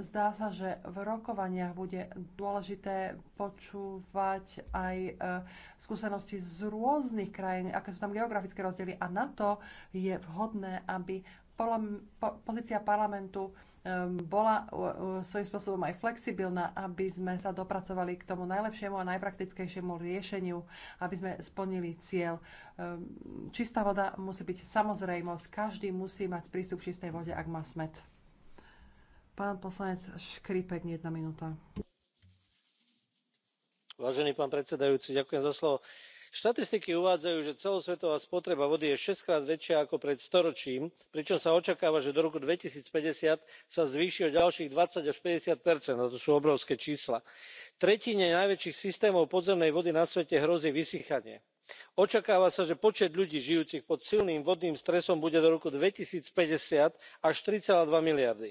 Zdá sa, že v rokovaniach bude dôležité počúvať aj e, skúsenosti z rôznych krajín, aké sú tam geografické rozdiely a na to je vhodné, aby pozícia parlamentu e, bola e, svojím spôsobom aj flexibilná, aby sme sa dopracovali k tomu najlepšiemu a najpraktickejšiemu riešeniu, aby sme splnili cieľ. Čistá voda musí byť samozrejmosť, každý musí mať prístup k čistej vode, ak má smet. Pán poslanec Škripek, jedna minúta. Vážený pán predsedajúci, ďakujem za slovo. Štatistiky uvádzajú, že celosvetová spotreba vody je šesťkrát väčšia ako pred storočím, pričom sa očakáva, že do roku 2050 sa zvýši o ďalších 20 až 50 a no, to sú obrovské čísla. Tretine najväčších systémov podzemnej vody na svete hrozí vysychanie očakáva sa že počet ľudí žijúcich pod silným vodným stresom bude do roku 2050 až 3,2 miliardy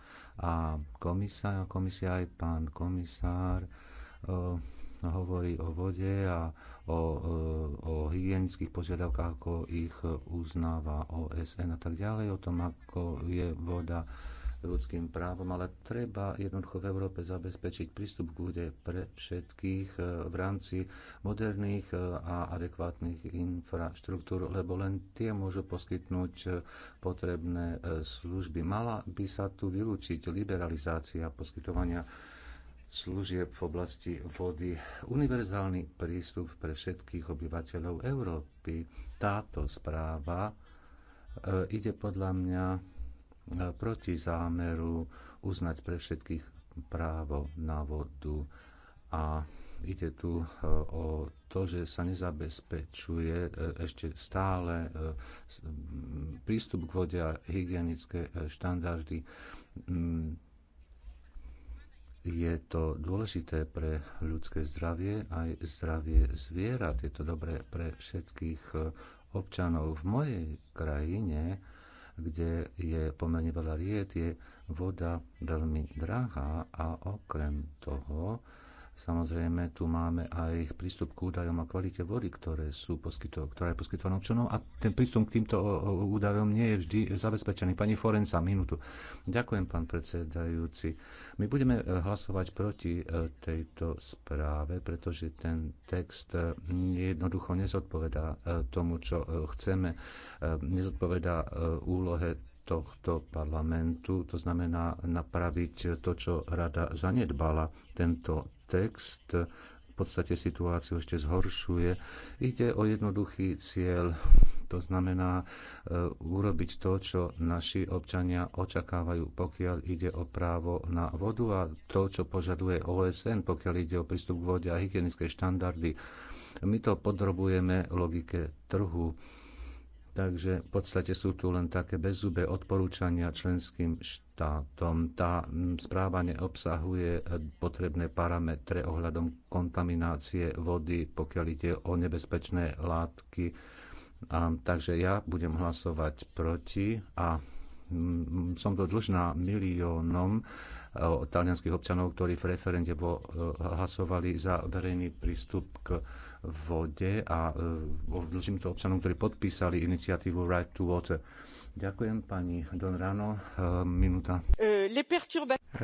a komisia, komisia aj pán komisár e, hovorí o vode a o, e, o hygienických požiadavkách, ako ich uznáva OSN a tak ďalej, o tom, ako je voda ľudským právom, ale treba jednoducho v Európe zabezpečiť prístup k vode pre všetkých e, v rámci moderných e, a adekvátnych infraštruktúr, lebo len tie môžu poskytnúť e, potrebné služby. Mala by sa tu vylúčiť liberalizácia poskytovania služieb v oblasti vody. Univerzálny prístup pre všetkých obyvateľov Európy. Táto správa ide podľa mňa proti zámeru uznať pre všetkých právo na vodu. A ide tu e, o to, že sa nezabezpečuje e, ešte stále e, prístup k vode a hygienické štandardy. Mm, je to dôležité pre ľudské zdravie, aj zdravie zvierat. Je to dobré pre všetkých občanov. V mojej krajine kde je pomerne veľa riet, je voda veľmi drahá a okrem toho Samozrejme, tu máme aj prístup k údajom a kvalite vody, ktoré sú poskyto, ktorá je poskytovaná občanom a ten prístup k týmto údajom nie je vždy zabezpečený. Pani Forenca, minútu. Ďakujem, pán predsedajúci. My budeme e, hlasovať proti e, tejto správe, pretože ten text e, jednoducho nezodpovedá tomu, čo chceme. Nezodpovedá úlohe tohto parlamentu, to znamená napraviť to, čo rada zanedbala. Tento text v podstate situáciu ešte zhoršuje. Ide o jednoduchý cieľ, to znamená e, urobiť to, čo naši občania očakávajú, pokiaľ ide o právo na vodu a to, čo požaduje OSN, pokiaľ ide o prístup k vode a hygienické štandardy. My to podrobujeme logike trhu Takže v podstate sú tu len také bezúbe odporúčania členským štátom. Tá mm, správa neobsahuje eh, potrebné parametre ohľadom kontaminácie vody, pokiaľ ide o nebezpečné látky. A, takže ja budem hlasovať proti a m, mm, som to dlžná miliónom eh, talianských občanov, ktorí v referende vo, eh, hlasovali za verejný prístup k vode a e, odložím to občanom, ktorí podpísali iniciatívu Right to Water. Ďakujem pani Don Rano, e, minúta. E,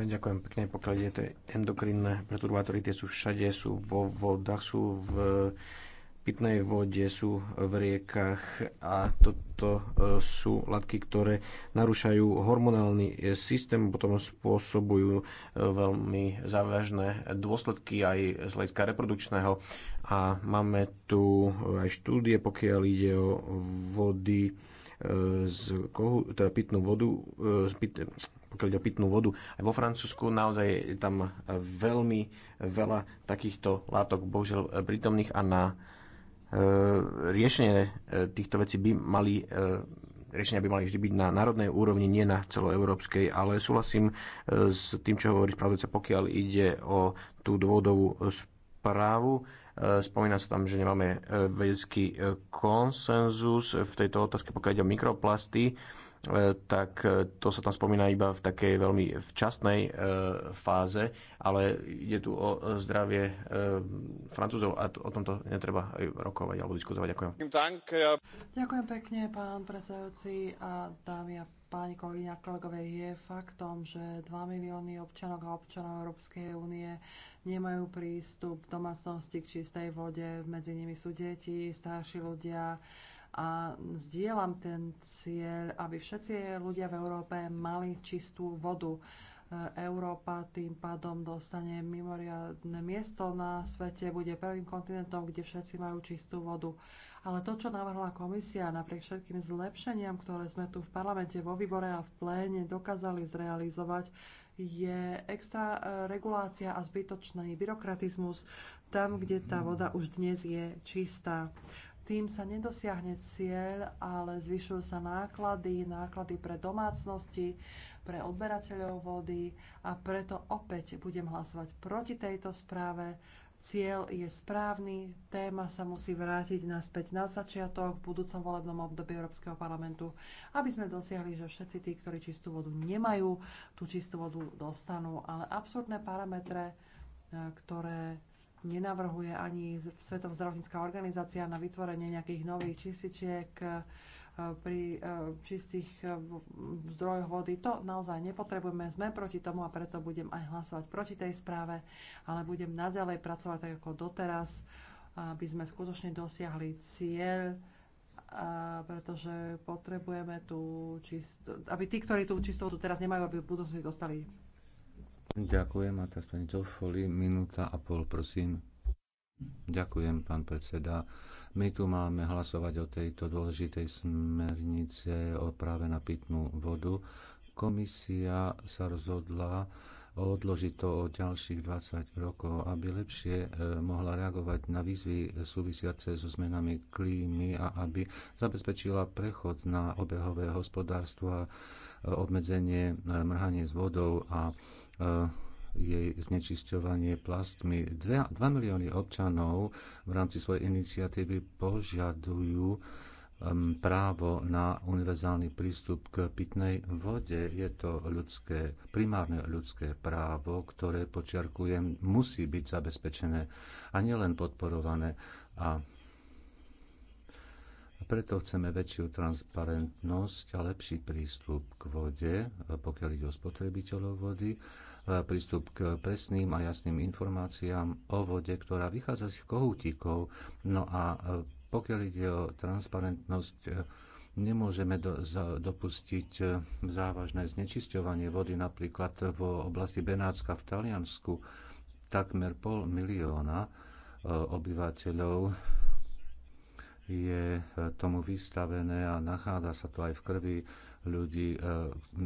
ďakujem pekne, pokiaľ je to endokrinné perturbátory, tie sú všade, sú vo vodách, sú v pitnej vode, sú v riekach a toto e, sú látky, ktoré narúšajú hormonálny e, systém, potom spôsobujú e, veľmi závažné dôsledky aj z hľadiska reprodukčného a máme tu aj štúdie, pokiaľ ide o vody z kohu, teda pitnú vodu, z pit, pokiaľ ide o pitnú vodu. Aj vo Francúzsku naozaj je tam veľmi veľa takýchto látok, bohužiaľ prítomných a na E, riešenie e, týchto vecí by mali e, riešenia by mali vždy byť na národnej úrovni, nie na celoeurópskej, ale súhlasím s tým, čo hovorí spravodajca, pokiaľ ide o tú dôvodovú správu. Spomína sa tam, že nemáme vedecký konsenzus v tejto otázke, pokiaľ ide o mikroplasty E, tak e, to sa tam spomína iba v takej veľmi včasnej e, fáze, ale ide tu o zdravie Francúzov a o tomto netreba rokovať alebo diskutovať. Ďakujem. Ďakujem pekne, pán predsedajúci a dámy a páni kolegyňa a kolegovia, je faktom, že 2 milióny občanok a občanov Európskej únie nemajú prístup domácnosti k čistej vode. Medzi nimi sú deti, starší ľudia, a zdieľam ten cieľ, aby všetci ľudia v Európe mali čistú vodu. E, Európa tým pádom dostane mimoriadne miesto na svete, bude prvým kontinentom, kde všetci majú čistú vodu. Ale to, čo navrhla komisia, napriek všetkým zlepšeniam, ktoré sme tu v parlamente, vo výbore a v pléne dokázali zrealizovať, je extra e, regulácia a zbytočný byrokratizmus tam, kde tá voda už dnes je čistá tým sa nedosiahne cieľ, ale zvyšujú sa náklady, náklady pre domácnosti, pre odberateľov vody a preto opäť budem hlasovať proti tejto správe. Cieľ je správny, téma sa musí vrátiť naspäť na začiatok v budúcom volebnom období Európskeho parlamentu, aby sme dosiahli, že všetci tí, ktorí čistú vodu nemajú, tú čistú vodu dostanú. Ale absurdné parametre, e, ktoré nenavrhuje ani Svetová zdravotnícká organizácia na vytvorenie nejakých nových čističiek eh, pri eh, čistých eh, zdrojoch vody. To naozaj nepotrebujeme. Sme proti tomu a preto budem aj hlasovať proti tej správe, ale budem naďalej pracovať tak ako doteraz, aby sme skutočne dosiahli cieľ, pretože potrebujeme tú čist... aby tí, ktorí tú čistotu teraz nemajú, aby v budúcnosti dostali Ďakujem a teraz pani Joffoli, minúta a pol, prosím. Ďakujem, pán predseda. My tu máme hlasovať o tejto dôležitej smernice o práve na pitnú vodu. Komisia sa rozhodla odložiť to o ďalších 20 rokov, aby lepšie e, mohla reagovať na výzvy súvisiace so zmenami klímy a aby zabezpečila prechod na obehové hospodárstvo a e, obmedzenie e, mrhanie s vodou a E, jej znečisťovanie plastmi. 2, milióny občanov v rámci svojej iniciatívy požiadujú právo na univerzálny prístup k pitnej vode. Je to ľudské, primárne ľudské právo, ktoré, počiarkujem, musí byť zabezpečené a nielen podporované. A preto chceme väčšiu transparentnosť a lepší prístup k vode, e, pokiaľ ide o spotrebiteľov vody prístup k presným a jasným informáciám o vode, ktorá vychádza z kohútikov. No a e, pokiaľ ide o transparentnosť, e, nemôžeme do, za, dopustiť e, závažné znečisťovanie vody napríklad v oblasti Benátska v Taliansku. Takmer pol milióna obyvateľov je tomu vystavené a nachádza sa to aj v krvi ľudí. E,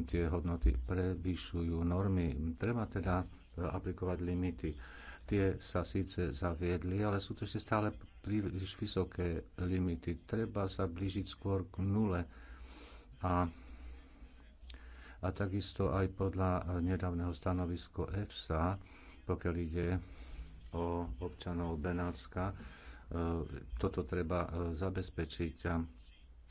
tie hodnoty prevyšujú normy. Treba teda e, aplikovať limity. Tie sa síce zaviedli, ale sú to ešte stále príliš vysoké limity. Treba sa blížiť skôr k nule. A a takisto aj podľa nedávneho stanovisko EFSA, pokiaľ ide o občanov Benátska, e, toto treba zabezpečiť.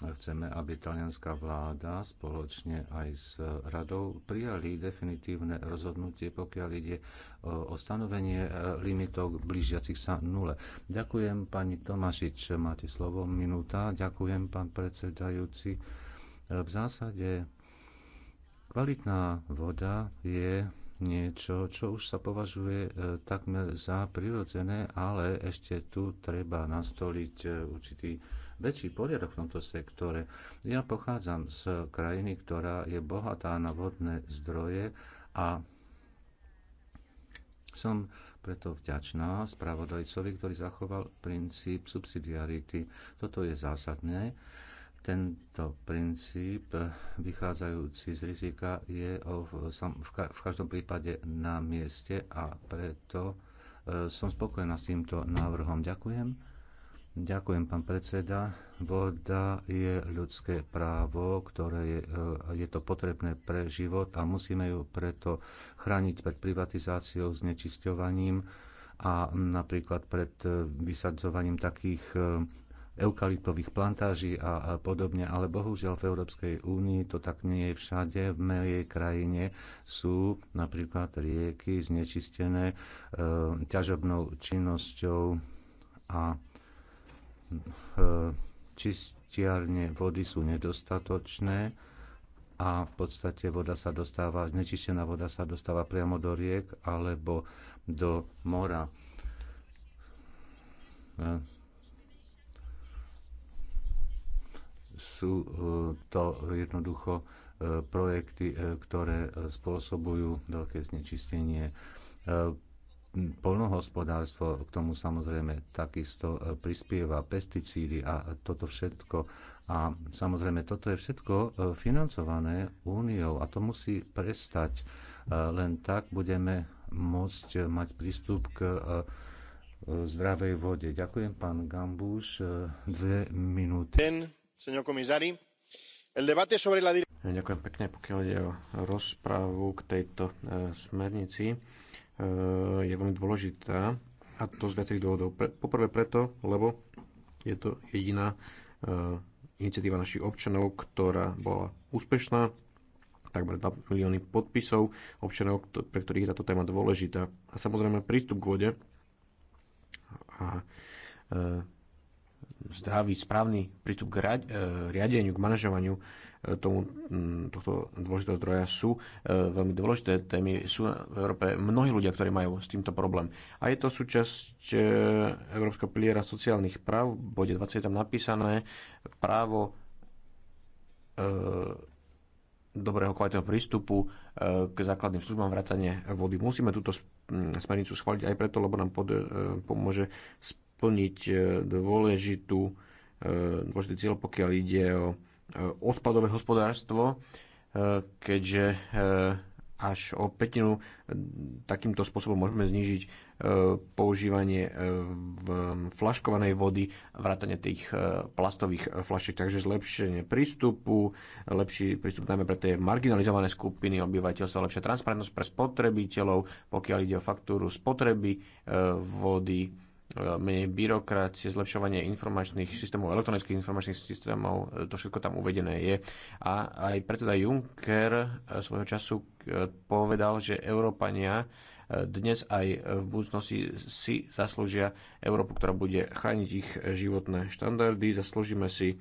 Chceme, aby talianská vláda spoločne aj s radou prijali definitívne rozhodnutie, pokiaľ ide o stanovenie e, limitov blížiacich sa nule. Ďakujem pani Tomašič, máte slovo, minúta. Ďakujem pán predsedajúci. E, v zásade kvalitná voda je niečo, čo už sa považuje e, takmer za prirodzené, ale ešte tu treba nastoliť určitý väčší poriadok v tomto sektore. Ja pochádzam z krajiny, ktorá je bohatá na vodné zdroje a som preto vďačná spravodajcovi, ktorý zachoval princíp subsidiarity. Toto je zásadné. Tento princíp, vychádzajúci z rizika, je v každom prípade na mieste a preto e, som spokojná s týmto návrhom. Ďakujem. Ďakujem, pán predseda. Voda je ľudské právo, ktoré je, e, je to potrebné pre život a musíme ju preto chrániť pred privatizáciou, znečisťovaním a napríklad pred e, vysadzovaním takých e, eukalyptových plantáží a, podobne, ale bohužiaľ v Európskej únii to tak nie je všade. V mojej krajine sú napríklad rieky znečistené e, ťažobnou činnosťou a Eh, čistiarne vody sú nedostatočné a v podstate voda sa dostáva, znečistená voda sa dostáva priamo do riek alebo do mora. Eh, sú eh, to jednoducho projekty, ktoré spôsobujú veľké znečistenie Polnohospodárstvo k tomu samozrejme takisto e, prispieva, pesticídy a toto všetko. A samozrejme, toto je všetko e, financované úniou a to musí prestať. E, len tak budeme môcť mať prístup k zdravej vode. Ďakujem, pán Gambúš. Dve minúty. Ďakujem pekne, pokiaľ ide o rozprávu k tejto smernici. Eh, je veľmi dôležitá a to z viacerých dôvodov. Poprvé preto, lebo je to jediná eh, iniciatíva našich občanov, ktorá bola úspešná, takmer 2 milióny podpisov občanov, pre ktorých je táto téma dôležitá. A samozrejme prístup k vode a eh, zdravý, správny prístup k riadeniu, k manažovaniu E, tomu, tohto dôležitého zdroja sú e, veľmi dôležité témy. Sú v Európe mnohí ľudia, ktorí majú s týmto problém. A je to súčasť e, Európskeho piliera sociálnych práv. V bode 20 je tam napísané právo dobrého kvalitného prístupu k základným službám vrátane vody. Musíme túto smernicu schváliť aj preto, lebo nám pod, pomôže splniť dôležitú, dôležitý cieľ, pokiaľ ide o E, odpadové hospodárstvo, e, keďže e, až o petinu takýmto spôsobom môžeme znížiť používanie v flaškovanej vody, vrátane tých plastových flašiek. Takže zlepšenie prístupu, lepší prístup najmä pre tie marginalizované skupiny obyvateľstva, lepšia transparentnosť pre spotrebiteľov, pokiaľ ide o faktúru spotreby vody, menej byrokracie, zlepšovanie informačných systémov, elektronických informačných systémov, to všetko tam uvedené je. A aj predseda Juncker e, svojho času e, povedal, že Európania e, dnes aj v budúcnosti si zaslúžia Európu, ktorá bude chrániť ich životné štandardy, zaslúžime si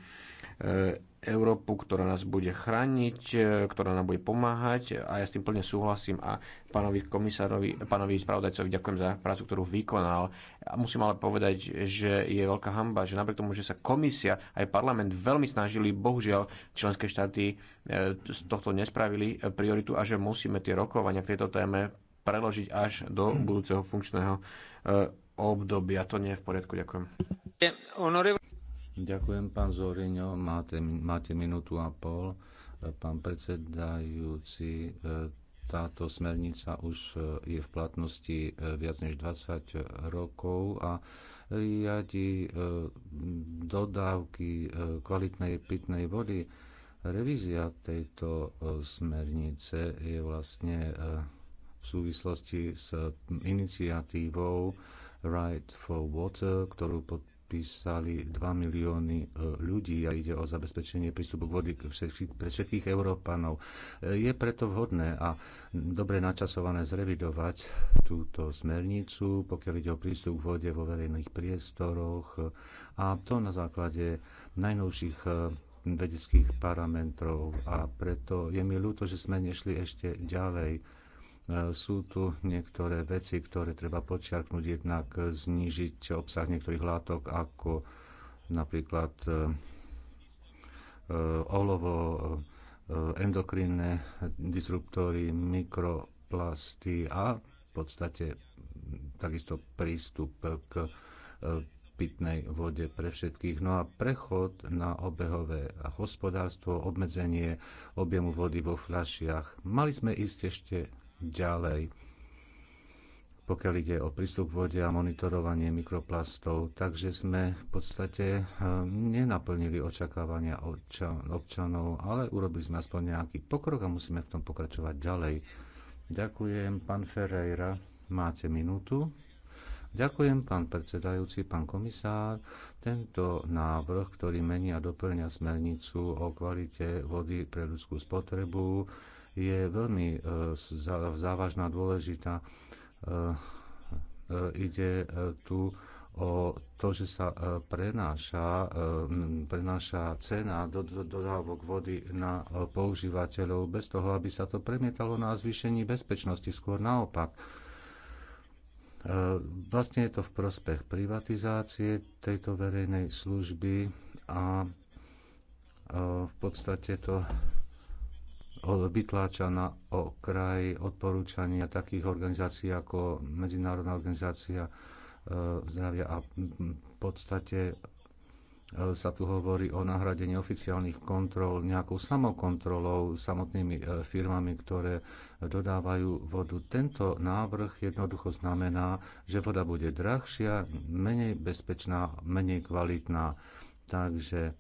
E, Európu, ktorá nás bude chrániť, e, ktorá nám bude pomáhať a ja s tým plne súhlasím a pánovi komisárovi, pánovi spravodajcovi ďakujem za prácu, ktorú vykonal. A musím ale povedať, že je veľká hamba, že napriek tomu, že sa komisia aj parlament veľmi snažili, bohužiaľ členské štáty e, z tohto nespravili prioritu a že musíme tie rokovania k tejto téme preložiť až do budúceho funkčného obdobia. To nie je v poriadku. Ďakujem. Ďakujem, pán Zoriňo. Máte, máte minútu a pol. E, pán predsedajúci, e, táto smernica už e, je v platnosti viac než 20 rokov a riadi dodávky kvalitnej pitnej vody. Revízia tejto smernice je vlastne v súvislosti s iniciatívou Right for Water, ktorú pod podpísali 2 milióny e, ľudí a ide o zabezpečenie prístupu k vody pre všetkých Európanov. E, je preto vhodné a dobre načasované zrevidovať túto smernicu, pokiaľ ide o prístup k vode vo verejných priestoroch e, a to na základe najnovších vedeckých parametrov a preto je mi ľúto, že sme nešli ešte ďalej sú tu niektoré veci, ktoré treba počiarknúť, jednak znížiť obsah niektorých látok, ako napríklad e, e, olovo, e, endokrinné disruptory, mikroplasty a v podstate takisto prístup k pitnej vode pre všetkých. No a prechod na obehové hospodárstvo, obmedzenie objemu vody vo fľašiach. Mali sme ísť ešte ďalej pokiaľ ide o prístup k vode a monitorovanie mikroplastov. Takže sme v podstate eh, nenaplnili očakávania občanov, ale urobili sme aspoň nejaký pokrok a musíme v tom pokračovať ďalej. Ďakujem, pán Ferreira. Máte minútu. Ďakujem, pán predsedajúci, pán komisár. Tento návrh, ktorý mení a doplňa smernicu o kvalite vody pre ľudskú spotrebu, je veľmi e, závažná, dôležitá. E, e, ide tu o to, že sa prenáša, prenáša cena do, do, dodávok vody na používateľov bez toho, aby sa to premietalo na zvýšení bezpečnosti, skôr naopak. Vlastne je to v prospech privatizácie tejto verejnej služby a v podstate to vytláča na okraj odporúčania takých organizácií ako Medzinárodná organizácia e, zdravia a v podstate e, sa tu hovorí o nahradení oficiálnych kontrol nejakou samokontrolou samotnými e, firmami, ktoré dodávajú vodu. Tento návrh jednoducho znamená, že voda bude drahšia, menej bezpečná, menej kvalitná. Takže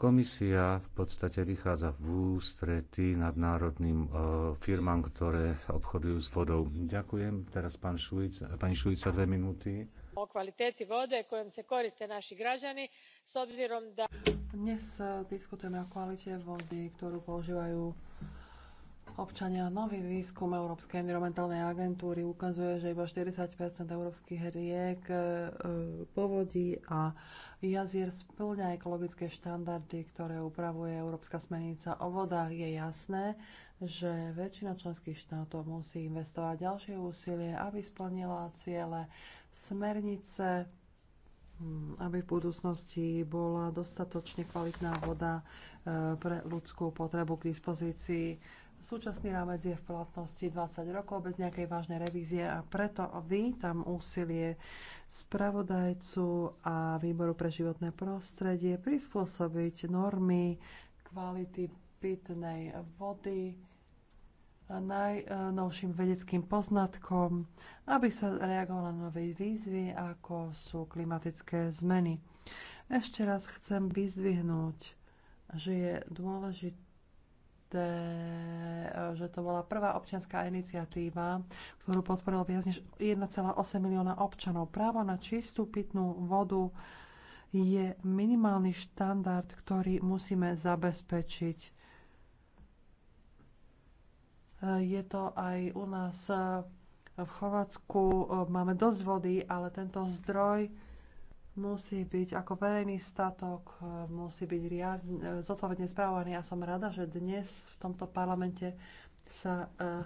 Komisia v podstate vychádza v ústretí národným e, firmám, ktoré obchodujú s vodou. Ďakujem. Teraz pán pani Šujica, dve minúty. O kvalitete vode kojom sa koriste naši građani s obzirom da... Dnes e, diskutujeme o kvalite vody, ktorú používajú Občania, nový výskum Európskej environmentálnej agentúry ukazuje, že iba 40 európskych riek, e, povodí a jazier splňa ekologické štandardy, ktoré upravuje Európska smernica o vodách. Je jasné, že väčšina členských štátov musí investovať ďalšie úsilie, aby splnila ciele smernice, mm, aby v budúcnosti bola dostatočne kvalitná voda e, pre ľudskú potrebu k dispozícii Súčasný rámec je v platnosti 20 rokov bez nejakej vážnej revízie a preto vítam úsilie spravodajcu a výboru pre životné prostredie prispôsobiť normy kvality pitnej vody najnovším vedeckým poznatkom, aby sa reagovalo na nové výzvy, ako sú klimatické zmeny. Ešte raz chcem vyzdvihnúť, že je dôležité dôležité, e, že to bola prvá občianská iniciatíva, ktorú podporilo viac než 1,8 milióna občanov. Právo na čistú pitnú vodu je minimálny štandard, ktorý musíme zabezpečiť. E, je to aj u nás e, v Chorvátsku, máme dosť vody, ale tento zdroj musí byť ako verejný statok, e, musí byť riad, e, zodpovedne správaný. Ja som rada, že dnes v tomto parlamente sa uh,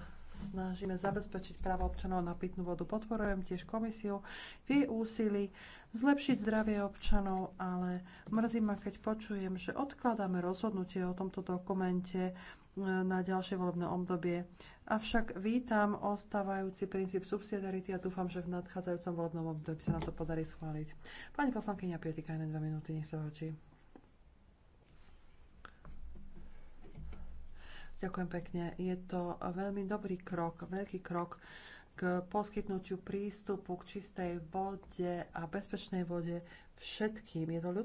snažíme zabezpečiť právo občanov na pitnú vodu. Podporujem tiež komisiu v jej úsilí zlepšiť zdravie občanov, ale mrzí ma, keď počujem, že odkladáme rozhodnutie o tomto dokumente na ďalšie volebné obdobie. Avšak vítam ostávajúci princíp subsidiarity a dúfam, že v nadchádzajúcom volebnom období sa nám to podarí schváliť. Pani poslankyňa Pietika, na dva minúty, nech sa páči. Ďakujem pekne. Je to veľmi dobrý krok, veľký krok k poskytnutiu prístupu k čistej vode a bezpečnej vode všetkým. Je to ľudské